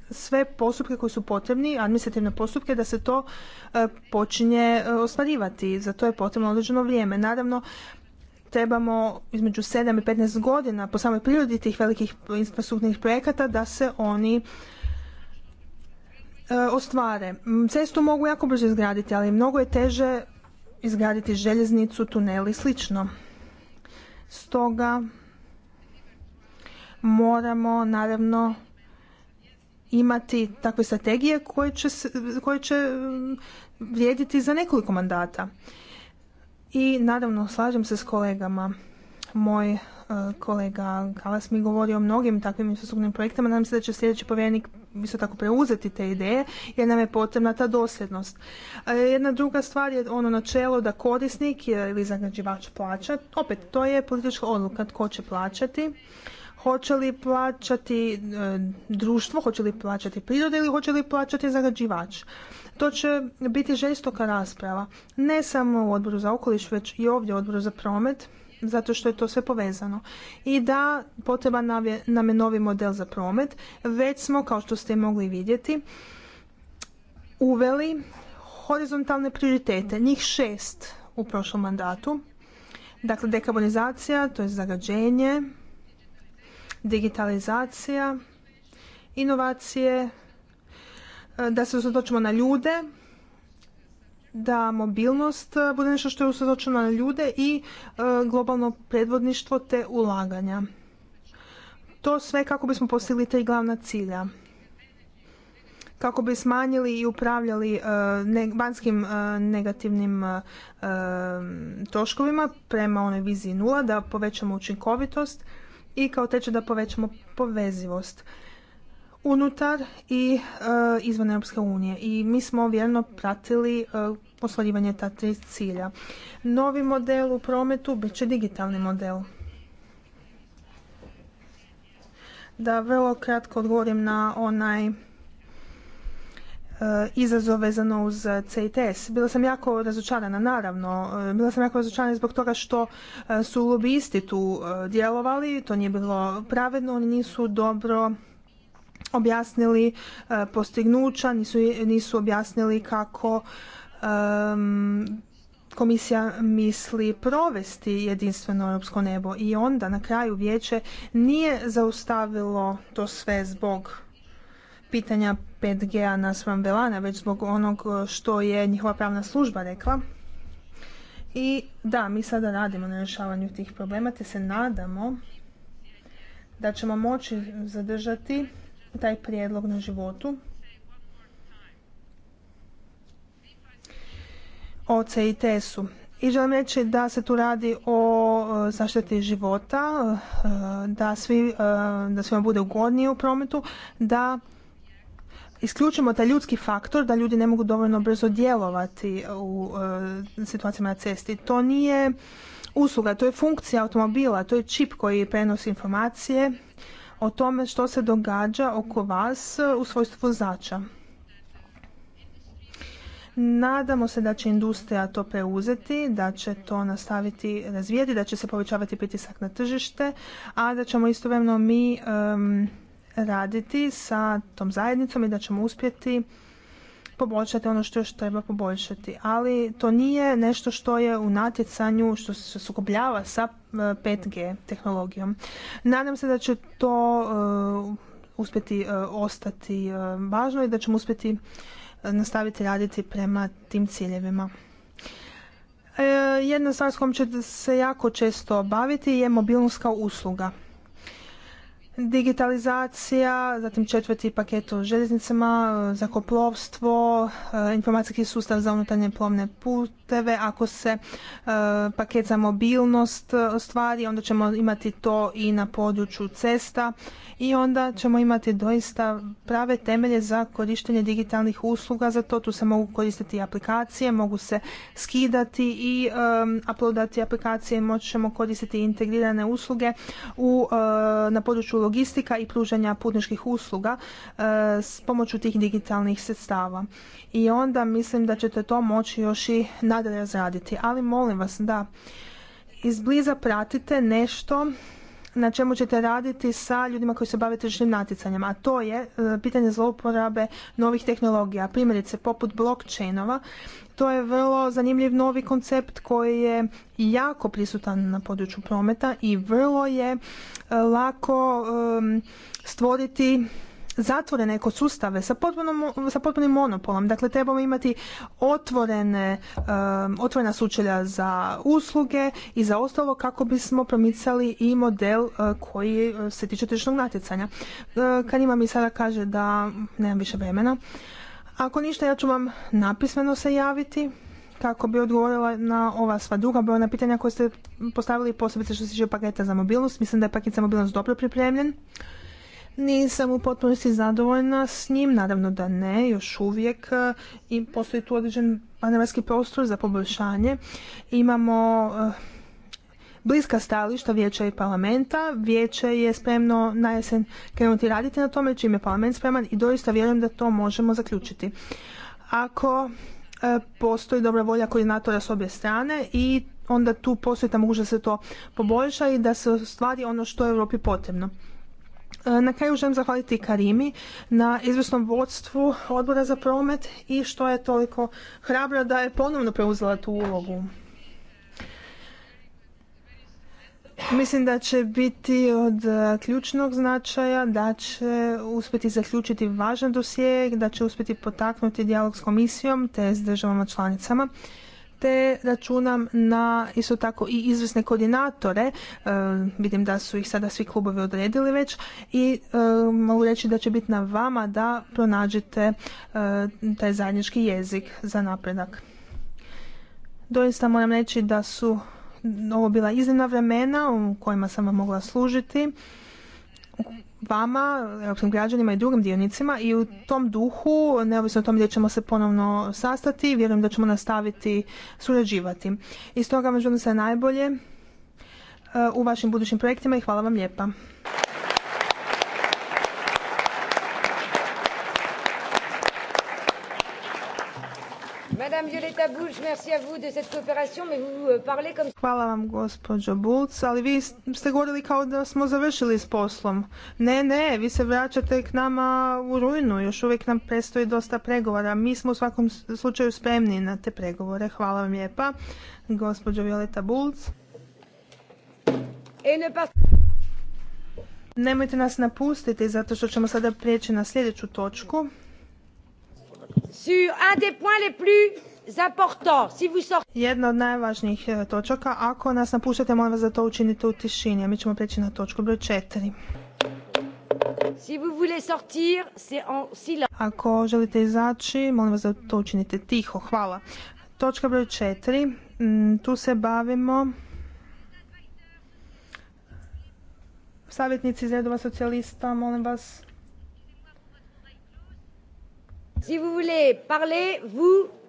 sve postupke koji su potrebni, administrativne postupke, da se to počinje ostvarivati. Za to je potrebno određeno vrijeme. Naravno, trebamo između 7 i 15 godina po samoj prirodi tih velikih infrastrukturnih projekata da se oni ostvare. Cestu mogu jako brzo izgraditi, ali mnogo je teže izgraditi željeznicu, tunel i slično. Stoga moramo naravno imati takve strategije koje će, koje će mm, vrijediti za nekoliko mandata. I naravno slažem se s kolegama. Moj E, kolega Kalas mi govori o mnogim takvim infrastrukturnim projektima. Nadam se da će sljedeći povjerenik isto tako preuzeti te ideje jer nam je potrebna ta dosljednost. E, jedna druga stvar je ono načelo da korisnik ili zagađivač plaća. Opet, to je politička odluka tko će plaćati. Hoće li plaćati e, društvo, hoće li plaćati prirode ili hoće li plaćati zagađivač. To će biti žestoka rasprava. Ne samo u odboru za okoliš, već i ovdje u odboru za promet zato što je to sve povezano. I da potreba nam je novi model za promet. Već smo, kao što ste mogli vidjeti, uveli horizontalne prioritete, njih šest u prošlom mandatu. Dakle, dekarbonizacija, to je zagađenje, digitalizacija, inovacije, e, da se usredotočimo na ljude, da mobilnost e, bude nešto što je usredočeno na ljude i e, globalno predvodništvo te ulaganja. To sve kako bismo postigli tri glavna cilja. Kako bi smanjili i upravljali e, vanjskim negativnim troškovima prema onoj viziji nula, da povećamo učinkovitost i kao teče da povećamo povezivost unutar i e, izvan Europske unije i mi smo vjerno pratili e, osvarivanje ta tri cilja. Novi model u prometu bit će digitalni model. Da vrlo kratko odgovorim na onaj e, izazov vezano uz CITS. Bila sam jako razočarana, naravno. Bila sam jako razočarana zbog toga što su lobisti tu djelovali. To nije bilo pravedno. Oni nisu dobro objasnili e, postignuća, nisu, objasnili kako komisija misli provesti jedinstveno europsko nebo i onda na kraju vijeće nije zaustavilo to sve zbog pitanja 5G-a na svam velana, već zbog onog što je njihova pravna služba rekla. I da, mi sada radimo na rješavanju tih problema, te se nadamo da ćemo moći zadržati taj prijedlog na životu. O CITS-u. I želim reći da se tu radi o e, zaštiti života, e, da, svi, e, da svima bude ugodnije u prometu, da isključimo taj ljudski faktor da ljudi ne mogu dovoljno brzo djelovati u situacijama na cesti. To nije usluga, to je funkcija automobila, to je čip koji prenosi informacije o tome što se događa oko vas u svojstvu vozača. Nadamo se da će industrija to preuzeti, da će to nastaviti razvijeti, da će se povećavati pritisak na tržište, a da ćemo istovremeno mi raditi sa tom zajednicom i da ćemo uspjeti poboljšati ono što još treba poboljšati. Ali to nije nešto što je u natjecanju, što se sukobljava sa 5G e, tehnologijom. Nadam se da će to e, uspjeti e, ostati važno i da ćemo uspjeti nastaviti raditi prema tim ciljevima. Jedna stvar s kojom će se jako često baviti je mobilnostka usluga digitalizacija, zatim četvrti paket o željeznicama, e, zakoplovstvo, e, informacijski sustav za unutarnje plovne puteve. Ako se e, paket za mobilnost ostvari, onda ćemo imati to i na području cesta i onda ćemo imati doista prave temelje za korištenje digitalnih usluga. Za to tu se mogu koristiti aplikacije, mogu se skidati i um, uploadati aplikacije, ćemo koristiti integrirane usluge u, na području logistika i pružanja putničkih usluga e, s pomoću tih digitalnih sredstava. I onda mislim da ćete to moći još i nadalje razraditi. Ali molim vas da izbliza pratite nešto na čemu ćete raditi sa ljudima koji se bave tržišnim natjecanjem, a to je e, pitanje zlouporabe novih tehnologija, primjerice poput blockchainova. To je vrlo zanimljiv novi koncept koji je jako prisutan na području prometa i vrlo je e, lako e, stvoriti zatvorene ekosustave sa, potpuno, sa potpunim monopolom. Dakle, trebamo imati otvorene, um, otvorena sučelja za usluge i za ostalo kako bismo promicali i model uh, koji uh, se tiče tržišnog natjecanja. Uh, kad ima mi sada kaže da nemam više vremena. Ako ništa, ja ću vam napismeno se javiti kako bi odgovorila na ova sva druga brojna pitanja koje ste postavili posebice što se tiče paketa za mobilnost. Mislim da je paket za mobilnost dobro pripremljen. Nisam u potpunosti zadovoljna s njim, naravno da ne, još uvijek e, i postoji tu određen manevarski prostor za poboljšanje. Imamo e, bliska stajališta vijeća i parlamenta. Vijeće je spremno na jesen krenuti raditi na tome čim je parlament spreman i doista vjerujem da to možemo zaključiti. Ako e, postoji dobra volja koordinatora s obje strane i onda tu postoji ta mogućnost da se to poboljša i da se ostvari ono što je Europi potrebno. E, na kraju želim zahvaliti Karimi na izvrsnom vodstvu odbora za promet i što je toliko hrabra da je ponovno preuzela tu ulogu. Mislim da će biti od e, ključnog značaja, da će uspjeti zaključiti važan dosijek, da će uspjeti potaknuti dijalog s komisijom te s državama članicama te računam na isto tako i izvrsne koordinatore, e, vidim da su ih sada svi klubovi odredili već i e, mogu reći da će biti na vama da pronađete e, taj zajednički jezik za napredak. Doista moram reći da su ovo bila iznimna vremena u kojima sam vam mogla služiti vama, europskim građanima i drugim dionicima i u tom duhu, neovisno o tom gdje ćemo se ponovno sastati, vjerujem da ćemo nastaviti surađivati. I stoga vam želim sve najbolje e, u vašim budućim projektima i hvala vam lijepa. Hvala vam gospođo Bulc, ali vi ste govorili kao da smo završili s poslom. Ne, ne, vi se vraćate k nama u rujnu, još uvijek nam prestoji dosta pregovora. Mi smo u svakom slučaju spremni na te pregovore. Hvala vam lijepa, gospođo Violeta Bulc. Nemojte nas napustiti zato što ćemo sada prijeći na sljedeću točku. Sur un des points les plus jedna od najvažnijih e, točaka, ako nas napuštate, molim vas da to učinite u tišini, a mi ćemo preći na točku broj četiri. Ako želite izaći, molim vas da to učinite tiho. Hvala. Točka broj četiri. Mm, tu se bavimo savjetnici iz redova socijalista, molim vas. Si vous voulez parler, vous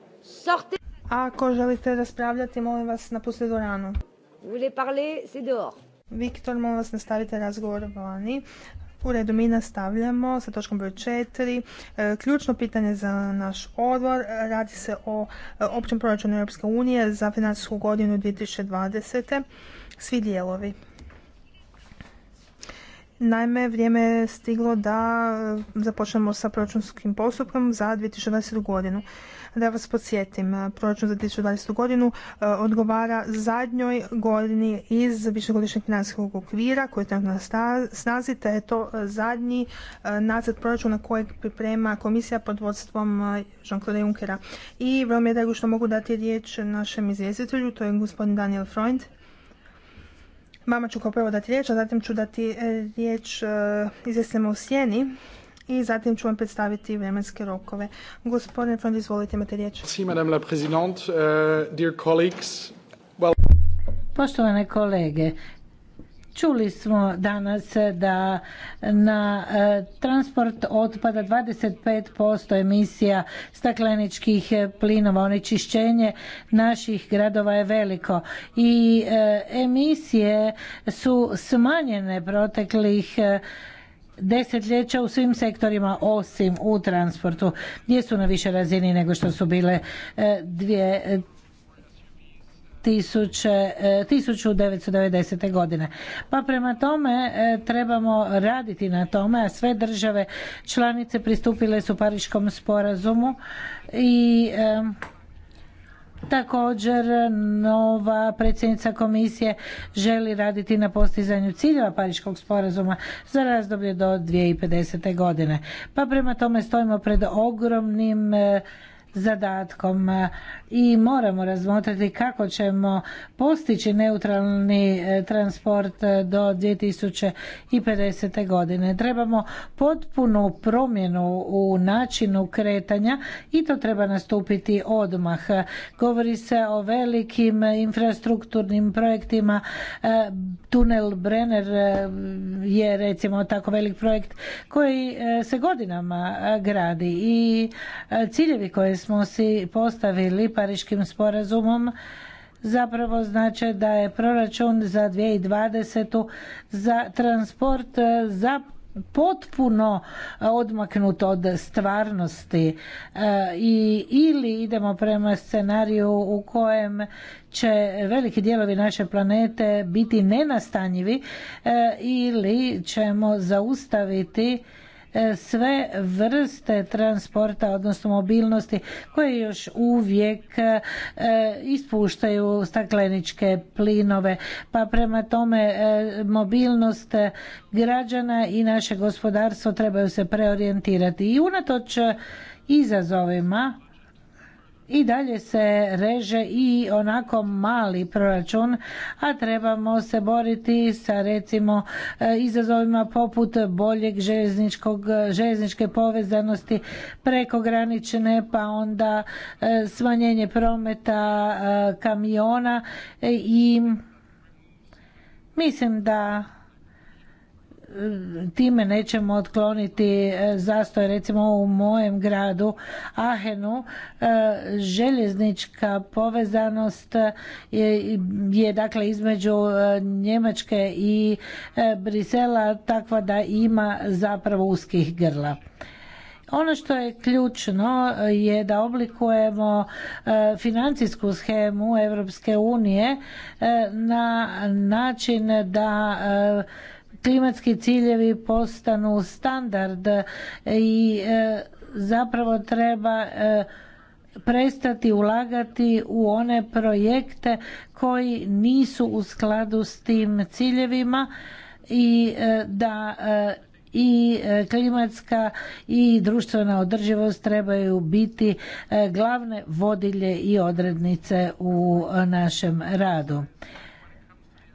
ako želite raspravljati, molim vas na napustite dvoranu. Viktor, molim vas nastavite razgovor vani. U redu mi nastavljamo sa točkom broj 4. E, ključno pitanje za naš odbor radi se o e, općem proračunu Europske unije za financijsku godinu 2020. Svi dijelovi. Naime, vrijeme je stiglo da e, započnemo sa proračunskim postupkom za 2020. godinu. Da vas podsjetim, e, proračun za 2020. godinu e, odgovara zadnjoj godini iz višegodišnjeg financijskog okvira koji je trenutno na snazi, te je to e, zadnji nacrt proračuna kojeg priprema komisija pod vodstvom Jean-Claude Junckera. I vrlo mi je drago što mogu dati riječ našem izvjestitelju, to je gospodin Daniel Freund. Vama ću kao prvo dati riječ, a zatim ću dati riječ izvjestljama u sjeni i zatim ću vam predstaviti vremenske rokove. Gospodine fond izvolite, imate riječ. Uh, Poštovane kolege, Čuli smo danas da na uh, transport otpada 25% emisija stakleničkih uh, plinova. Onečišćenje naših gradova je veliko i emisije su smanjene proteklih desetljeća u svim sektorima osim u transportu gdje su na više razini nego što su bile e, dvije 1990. E, e, godine. Pa prema tome trebamo raditi na tome, a sve države članice pristupile su Pariškom sporazumu i Također, nova predsjednica komisije želi raditi na postizanju ciljeva Pariškog sporazuma za razdoblje do 2050. godine. Pa prema tome stojimo pred ogromnim eh, zadatkom e, i moramo razmotriti kako ćemo postići neutralni e, transport e, do 2050. godine. Trebamo potpunu promjenu u načinu kretanja i to treba nastupiti odmah. Govori se o velikim infrastrukturnim projektima. Tunel Brenner je recimo tako velik projekt koji se godinama gradi i ciljevi koje smo si postavili Pariškim sporazumom zapravo znači da je proračun za 2020. za transport e, za potpuno e, odmaknut od stvarnosti e, i ili idemo prema scenariju u kojem će veliki dijelovi naše planete biti nenastanjivi ili ćemo zaustaviti sve vrste transporta, odnosno mobilnosti koje još uvijek e, ispuštaju stakleničke plinove. Pa prema tome e, mobilnost građana i naše gospodarstvo trebaju se preorijentirati. I unatoč izazovima i dalje se reže i onako mali proračun, a trebamo se boriti sa recimo e, izazovima poput boljeg željezničkog, željezničke povezanosti prekogranične, pa onda e, smanjenje prometa e, kamiona i mislim da time nećemo otkloniti e, zastoj recimo u mojem gradu Ahenu e, željeznička povezanost je, je dakle između e, Njemačke i Brisela takva da ima zapravo uskih grla. Ono što je ključno je da oblikujemo financijsku schemu Europske unije na način da klimatski ciljevi postanu standard i e, zapravo treba e, prestati ulagati u one projekte koji nisu u skladu s tim ciljevima i e, da i klimatska i društvena održivost trebaju biti glavne vodilje i odrednice u našem radu.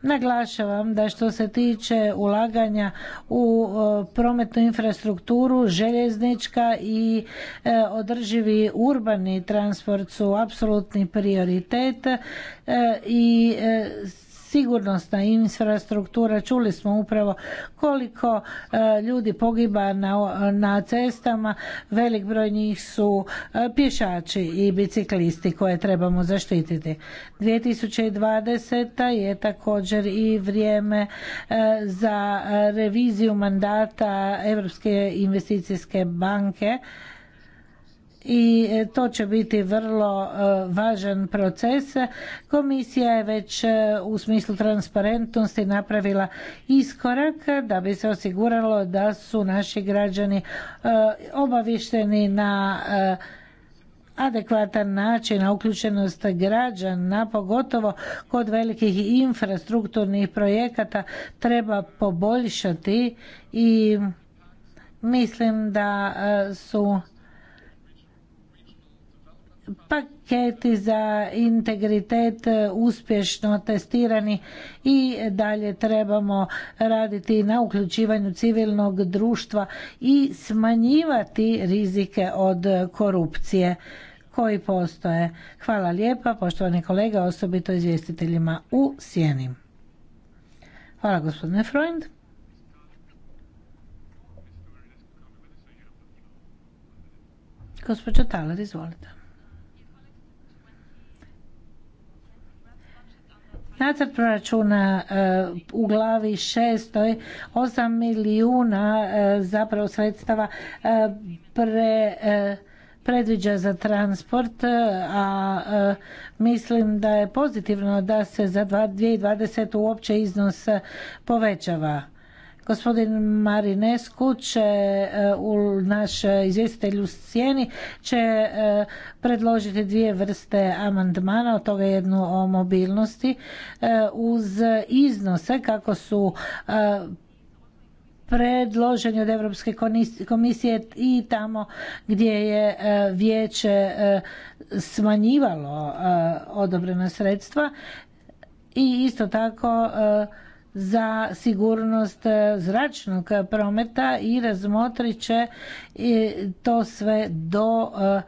Naglašavam da što se tiče ulaganja u e, prometnu infrastrukturu, željeznička i e, održivi urbani transport su apsolutni prioritet e, i sigurnosna infrastruktura, čuli smo upravo koliko e, ljudi pogiba na, na cestama, velik broj njih su e, pješači i biciklisti koje trebamo zaštititi. 2020. je također i vrijeme e, za reviziju mandata Europske investicijske banke i e, to će biti vrlo e, važan proces. Komisija je već e, u smislu transparentnosti napravila iskorak da bi se osiguralo da su naši građani obavišteni na adekvatan način na uključenost građana, pogotovo kod velikih infrastrukturnih projekata treba poboljšati i mislim da su paketi za integritet e, uspješno testirani i dalje trebamo raditi na uključivanju civilnog društva i smanjivati rizike od korupcije koji postoje. Hvala lijepa poštovani kolega, osobito izvjestiteljima u sjeni. Hvala gospodine Freund. Gospođo Taler, izvolite. Nacrt proračuna e, u glavi šestoj osam milijuna e, zapravo sredstava e, pre predviđa za transport, a mislim da je pozitivno da se za 2020. uopće iznos povećava. Gospodin Marinesku će e, u naš izvjestitelj u sjeni će e, predložiti dvije vrste amandmana, od toga jednu o mobilnosti e, uz iznose kako su predloženi od Europske komisije i tamo gdje je vijeće smanjivalo odobrena sredstva i isto tako za sigurnost e, zračnog prometa i razmotrit će e, to sve do e,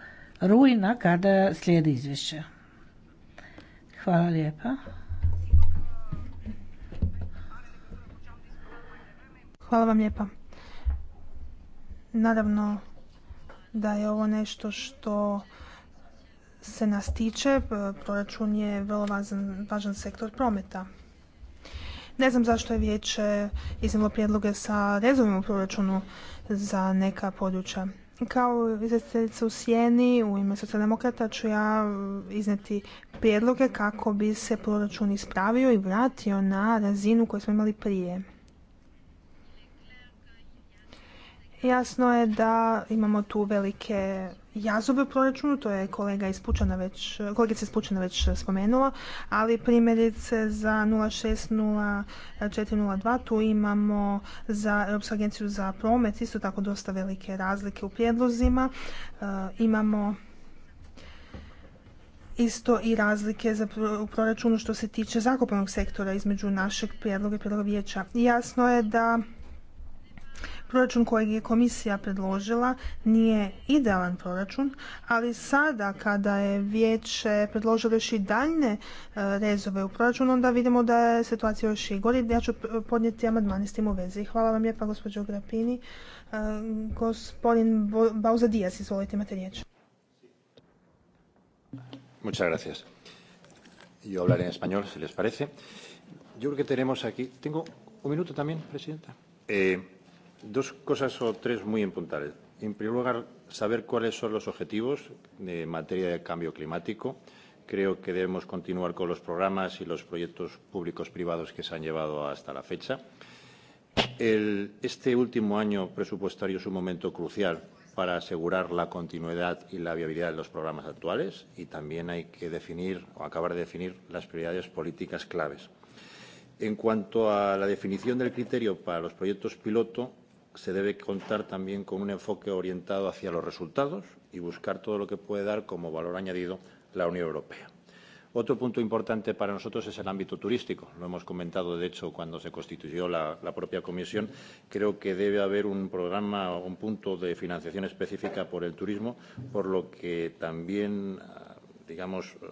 rujna kada slijedi izvješće. Hvala lijepa. Hvala vam lijepa. Naravno da je ovo nešto što se nas tiče, proračun je vrlo važan sektor prometa. Ne znam zašto je vijeće iznijelo prijedloge sa rezovima u proračunu za neka područja. Kao izvjestiteljica u Sjeni u ime socijaldemokrata ću ja izneti prijedloge kako bi se proračun ispravio i vratio na razinu koju smo imali prije. Jasno je da imamo tu velike jazove proračunu, to je kolega iz Pučana već, kolegica iz Pučana već spomenula, ali primjerice za 060402 tu imamo za Europsku agenciju za promet isto tako dosta velike razlike u prijedlozima. E, imamo isto i razlike za, u proračunu što se tiče zakupanog sektora između našeg prijedloga i prijedloga vijeća. Jasno je da Proračun kojeg je komisija predložila nije idealan proračun, ali sada kada je vijeće predložilo još i daljne e, rezove u proračunu, onda vidimo da je situacija još i gori. Ja ću podnijeti amandmane s tim u vezi. Hvala vam lijepa gospođo Grapini. E, gospodin Bauza Dijas, izvolite, imate riječ. Muchas gracias. Yo hablaré en español, si les parece. Yo creo que tenemos aquí... ¿Tengo un minuto también, presidenta? Eh, dos cosas o tres muy puntuales. En primer lugar, saber cuáles son los objetivos de materia de cambio climático. Creo que debemos continuar con los programas y los proyectos públicos privados que se han llevado hasta la fecha. El, este último año presupuestario es un momento crucial para asegurar la continuidad y la viabilidad de los programas actuales y también hay que definir o acabar de definir las prioridades políticas claves. En cuanto a la definición del criterio para los proyectos piloto, se debe contar también con un enfoque orientado hacia los resultados y buscar todo lo que puede dar como valor añadido la Unión Europea. Otro punto importante para nosotros es el ámbito turístico. Lo hemos comentado, de hecho, cuando se constituyó la, la propia comisión. Creo que debe haber un programa, un punto de financiación específica por el turismo, por lo que también, ah, digamos, eh,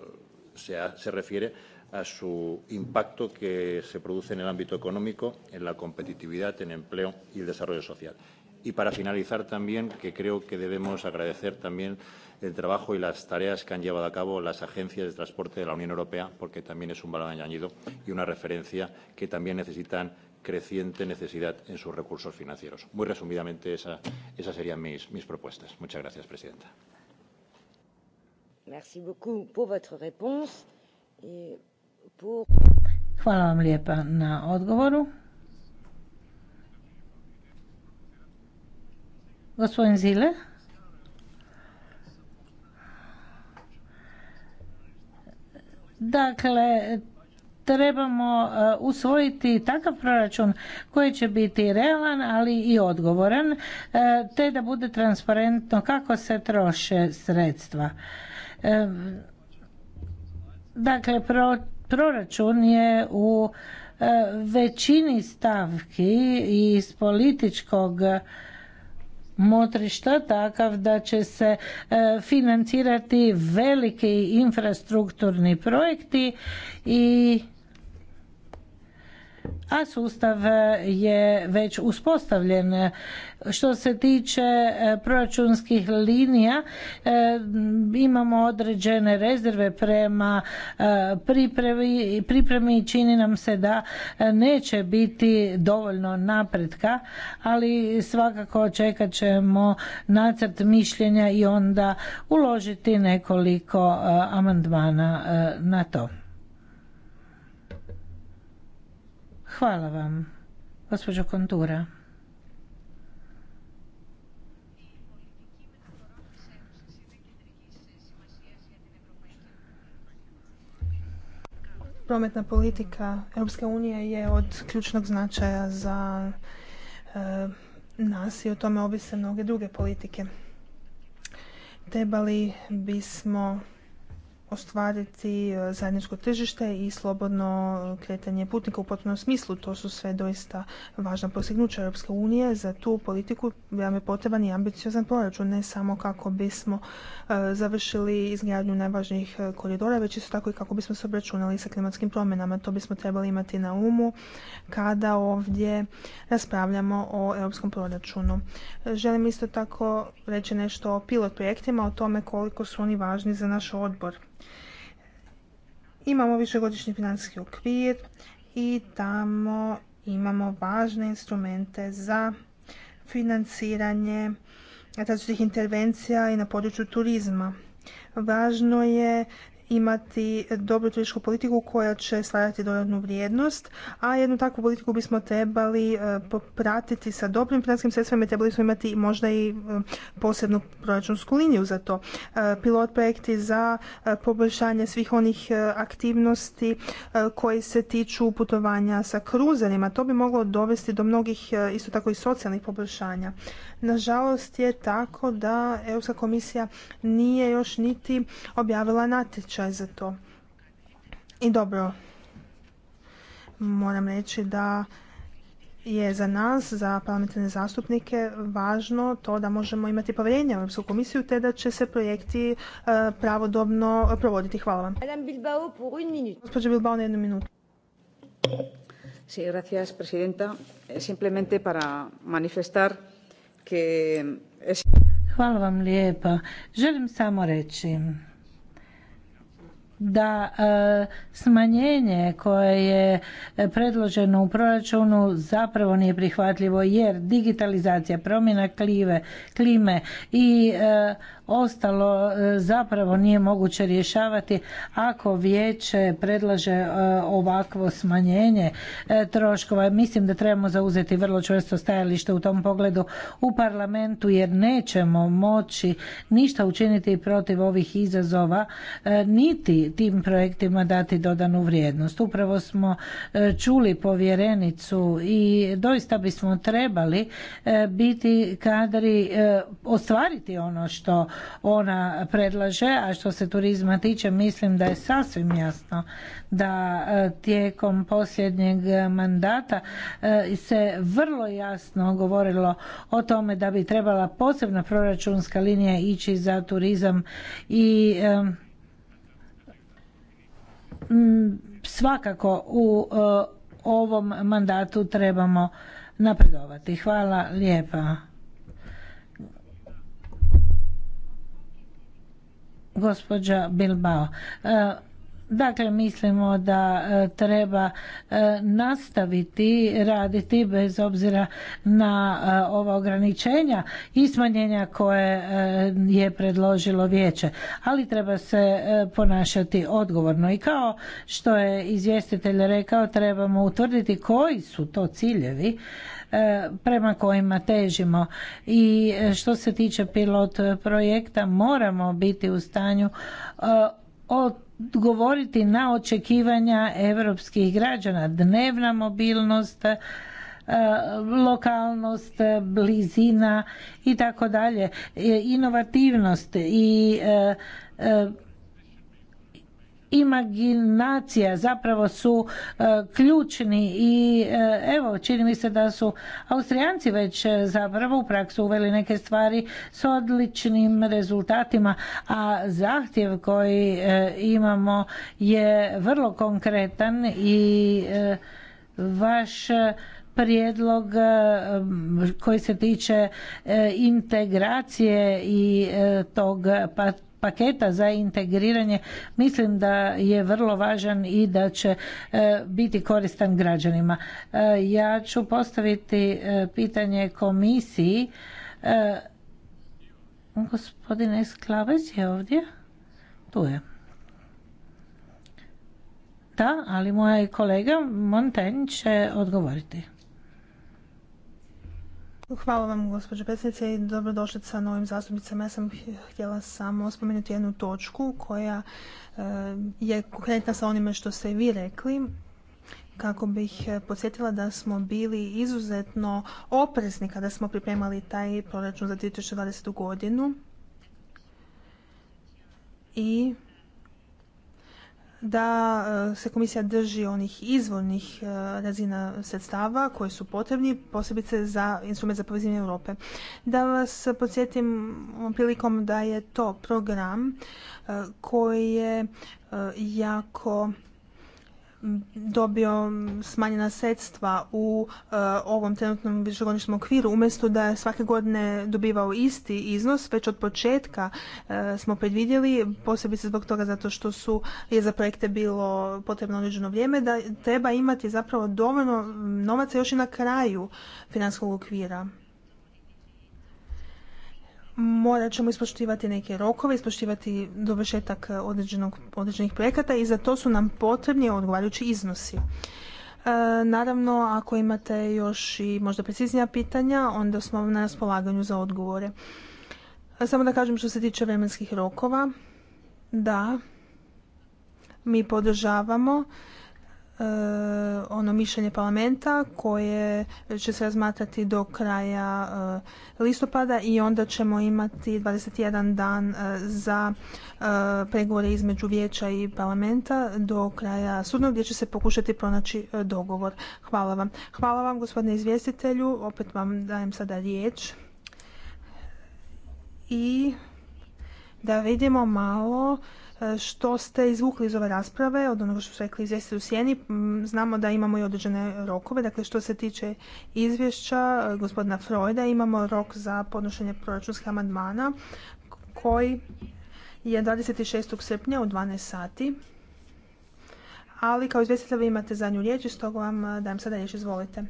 se, se refiere a su impacto que se produce en el ámbito económico, en la competitividad, en empleo y el desarrollo social. Y para finalizar también, que creo que debemos agradecer también el trabajo y las tareas que han llevado a cabo las agencias de transporte de la Unión Europea, porque también es un valor añadido y una referencia que también necesitan creciente necesidad en sus recursos financieros. Muy resumidamente, esa, esas serían mis, mis propuestas. Muchas gracias, Presidenta. Merci beaucoup pour votre réponse. Et Hvala vam lijepa na odgovoru. Gospodin Zile. Dakle, trebamo e, usvojiti takav proračun koji će biti realan, ali i odgovoran, e, te da bude transparentno kako se troše sredstva. E, dakle, pro proračun je u e, većini stavki iz političkog motrišta takav da će se e, financirati veliki infrastrukturni projekti i a sustav je već uspostavljen. Što se tiče e, proračunskih linija, e, imamo određene rezerve prema e, pripremi, i čini nam se da neće biti dovoljno napretka, ali svakako čekat ćemo nacrt mišljenja i onda uložiti nekoliko amandmana na to. Hvala vam, gospođo Kontura. Prometna politika Europske unije je od ključnog značaja za e, nas i o tome ovise mnoge druge politike. Trebali bismo ostvariti e, zajedničko tržište i slobodno kretanje putnika u potpunom smislu. To su sve doista važna postignuća Europske unije. Za tu politiku nam je potreban i ambiciozan proračun, ne samo kako bismo e, završili izgradnju najvažnijih e, koridora, već isto tako i kako bismo se obračunali sa klimatskim promjenama. To bismo trebali imati na umu kada ovdje raspravljamo o europskom proračunu. Želim isto tako reći nešto o pilot projektima, o tome koliko su oni važni za naš odbor. Imamo višegodišnji financijski okvir i tamo imamo važne instrumente za financiranje različitih intervencija i na području turizma. Važno je imati dobru turističku politiku koja će stvarati dodatnu vrijednost, a jednu takvu politiku bismo trebali e, popratiti sa dobrim financijskim sredstvima i trebali smo imati možda i e, posebnu proračunsku liniju za to. E, pilot projekti za poboljšanje svih onih aktivnosti koji se tiču putovanja sa kruzerima, to bi moglo dovesti do mnogih isto tako i socijalnih poboljšanja. Nažalost je tako da Europska komisija nije još niti objavila natječaj za to. I dobro, moram reći da je za nas, za parlamentarne zastupnike, važno to da možemo imati povjerenje u Europsku komisiju te da će se projekti e, pravodobno provoditi. Hvala vam. Bilbao, Bilbao jednu minutu. Sí, gracias, presidenta. Eh, simplemente para manifestar Hvala vam lijepa. Želim samo reći da e, smanjenje koje je predloženo u proračunu zapravo nije prihvatljivo jer digitalizacija, promjena klime i e, ostalo e, zapravo nije moguće rješavati ako vijeće predlaže e, ovakvo smanjenje e, troškova. Mislim da trebamo zauzeti vrlo čvrsto stajalište u tom pogledu u parlamentu jer nećemo moći ništa učiniti protiv ovih izazova niti tim projektima dati dodanu vrijednost. Upravo smo čuli povjerenicu i doista bismo trebali biti kadri ostvariti ono što ona predlaže, a što se turizma tiče mislim da je sasvim jasno da e, tijekom posljednjeg mandata e, se vrlo jasno govorilo o tome da bi trebala posebna proračunska linija ići za turizam i e, svakako u ovom mandatu trebamo napredovati. Hvala lijepa. gospođa Bilbao. E, Dakle, mislimo da e, treba e, nastaviti raditi bez obzira na e, ova ograničenja i smanjenja koje je predložilo vijeće, ali treba se ponašati odgovorno. I kao što je izvjestitelj rekao, trebamo utvrditi koji su to ciljevi prema kojima težimo. I što se tiče pilot projekta, moramo biti u stanju od govoriti na očekivanja europskih građana. Dnevna mobilnost, e, lokalnost, blizina i tako dalje, e, inovativnost i e, imaginacija zapravo su e, ključni i e, evo čini mi se da su Austrijanci već e, zapravo u praksu uveli neke stvari s odličnim rezultatima, a zahtjev koji imamo je vrlo konkretan i vaš prijedlog koji se tiče integracije i tog pa-, paketa za integriranje mislim da je vrlo važan i da će e, biti koristan građanima. E, ja ću postaviti e, pitanje komisiji. Gospodin Sklavec je ovdje? Tu je. Da, ali moja kolega Monten će odgovoriti. Hvala vam, gospođo predsjednice, i dobrodošli sa novim zastupnicama. Ja sam htjela samo spomenuti jednu točku koja e, je konkretna sa onime što ste vi rekli kako bih e, podsjetila da smo bili izuzetno oprezni kada smo pripremali taj proračun za 2020. godinu i da e, se komisija drži onih izvornih e, razina sredstava koji su potrebni, posebice za instrument za povezivanje Europe. Da vas podsjetim prilikom da je to program e, koji je jako dobio smanjena sredstva u e, ovom trenutnom višegodišnjem okviru, umjesto da je svake godine dobivao isti iznos, već od početka e, smo predvidjeli, posebice zbog toga zato što su, je za projekte bilo potrebno određeno vrijeme, da treba imati zapravo dovoljno novaca još i na kraju finanskog okvira morat ćemo ispoštivati neke rokove, ispoštivati dovršetak e, određenih projekata i za to su nam potrebni odgovarajući iznosi. E, naravno, ako imate još i možda preciznija pitanja, onda smo na raspolaganju za odgovore. E, samo da kažem što se tiče vremenskih rokova, da, mi podržavamo ono mišljenje parlamenta koje će se razmatrati do kraja e, listopada i onda ćemo imati 21 dan e, za e, pregovore između vijeća i parlamenta do kraja sudnog gdje će se pokušati pronaći dogovor. Hvala vam. Hvala vam gospodine izvjestitelju. Opet vam dajem sada riječ. I da vidimo malo što ste izvukli iz ove rasprave, od onoga što ste rekli izvjesti u sjeni. Znamo da imamo i određene rokove, dakle što se tiče izvješća e, gospodina Freuda imamo rok za podnošenje proračunskih amandmana koji je 26. srpnja u 12 sati. Ali kao izvjestitelj vi imate zadnju riječ i stoga vam e, dajem sada riječ, izvolite.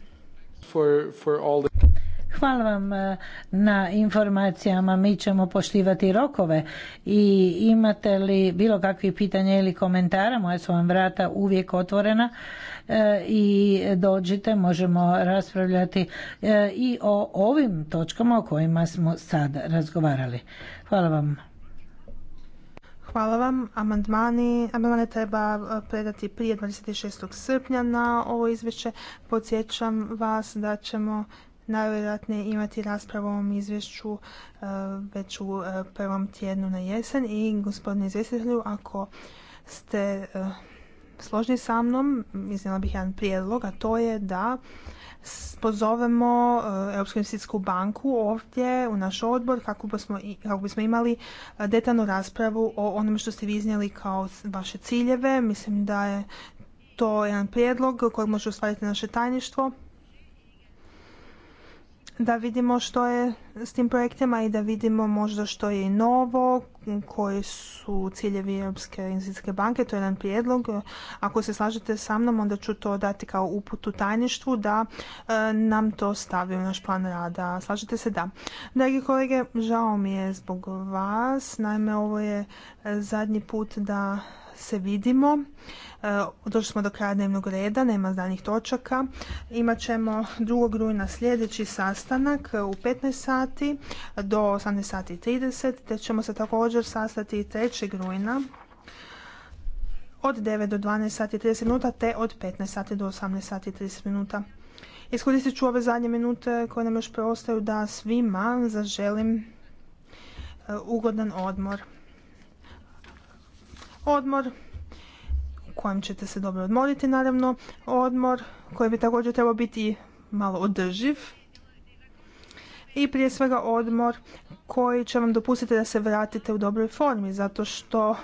Hvala vam e, na informacijama, mi ćemo poštivati rokove i imate li bilo kakvi pitanja ili komentara, moja su vam vrata uvijek otvorena e, i dođite, možemo raspravljati e, i o ovim točkama o kojima smo sad razgovarali. Hvala vam. Hvala vam. Amandmani, amandmane treba predati prije 26. srpnja na ovo izvješće. Podsjećam vas da ćemo najvjerojatnije imati raspravu o ovom izvješću e, već u e, prvom tjednu na jesen i gospodine izvjestitelju ako ste e, složni sa mnom, iznijela bih jedan prijedlog, a to je da pozovemo Europsku investicijsku banku ovdje u naš odbor kako bismo, imali detaljnu raspravu o onome što ste vi iznijeli kao vaše ciljeve. Mislim da je to jedan prijedlog kojeg može ostvariti naše tajništvo da vidimo što je s tim projektima i da vidimo možda što je i novo, koji su ciljevi Europske investicijske banke, to je jedan prijedlog. Ako se slažete sa mnom, onda ću to dati kao uput u tajništvu da e, nam to stavi u naš plan rada. Slažete se? Da. Dragi kolege, žao mi je zbog vas. Naime, ovo je e, zadnji put da se vidimo. E, došli smo do kraja dnevnog reda, nema zdanih točaka. Imat ćemo 2. rujna sljedeći sastanak u 15 sati do 18 sati 30, te ćemo se također sastati 3. rujna od 9 do 12 sati 30 minuta, te od 15 sati do 18 sati 30 minuta. Iskoristit ću ove zadnje minute koje nam još preostaju da svima zaželim e, ugodan odmor odmor u kojem ćete se dobro odmoriti naravno, odmor koji bi također trebao biti malo održiv i prije svega odmor koji će vam dopustiti da se vratite u dobroj formi zato što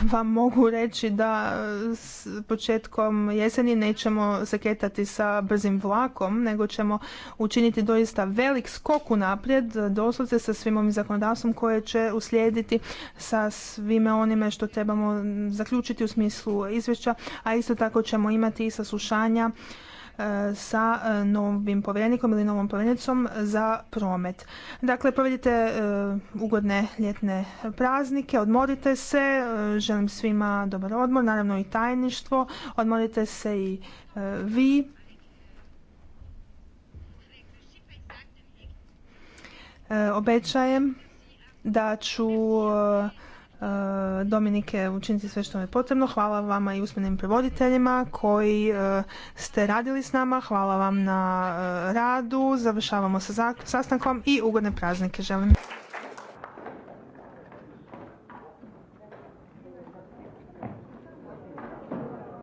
vam mogu reći da e, s početkom jeseni nećemo ketati sa brzim vlakom, nego ćemo učiniti doista velik skok unaprijed, doslovce sa svim ovim zakonodavstvom koje će uslijediti sa svime onime što trebamo zaključiti u smislu izvješća, a isto tako ćemo imati i saslušanja E, sa e, novim povjerenikom ili novom povjerenicom za promet. Dakle, provedite e, ugodne ljetne praznike, odmorite se, želim svima dobar odmor, naravno i tajništvo, odmorite se i vi. Obećajem da ću E, Dominike učiniti sve što je potrebno. Hvala vama i usmenim prevoditeljima koji e, ste radili s nama. Hvala vam na e, radu. Završavamo sa sastankom i ugodne praznike želim.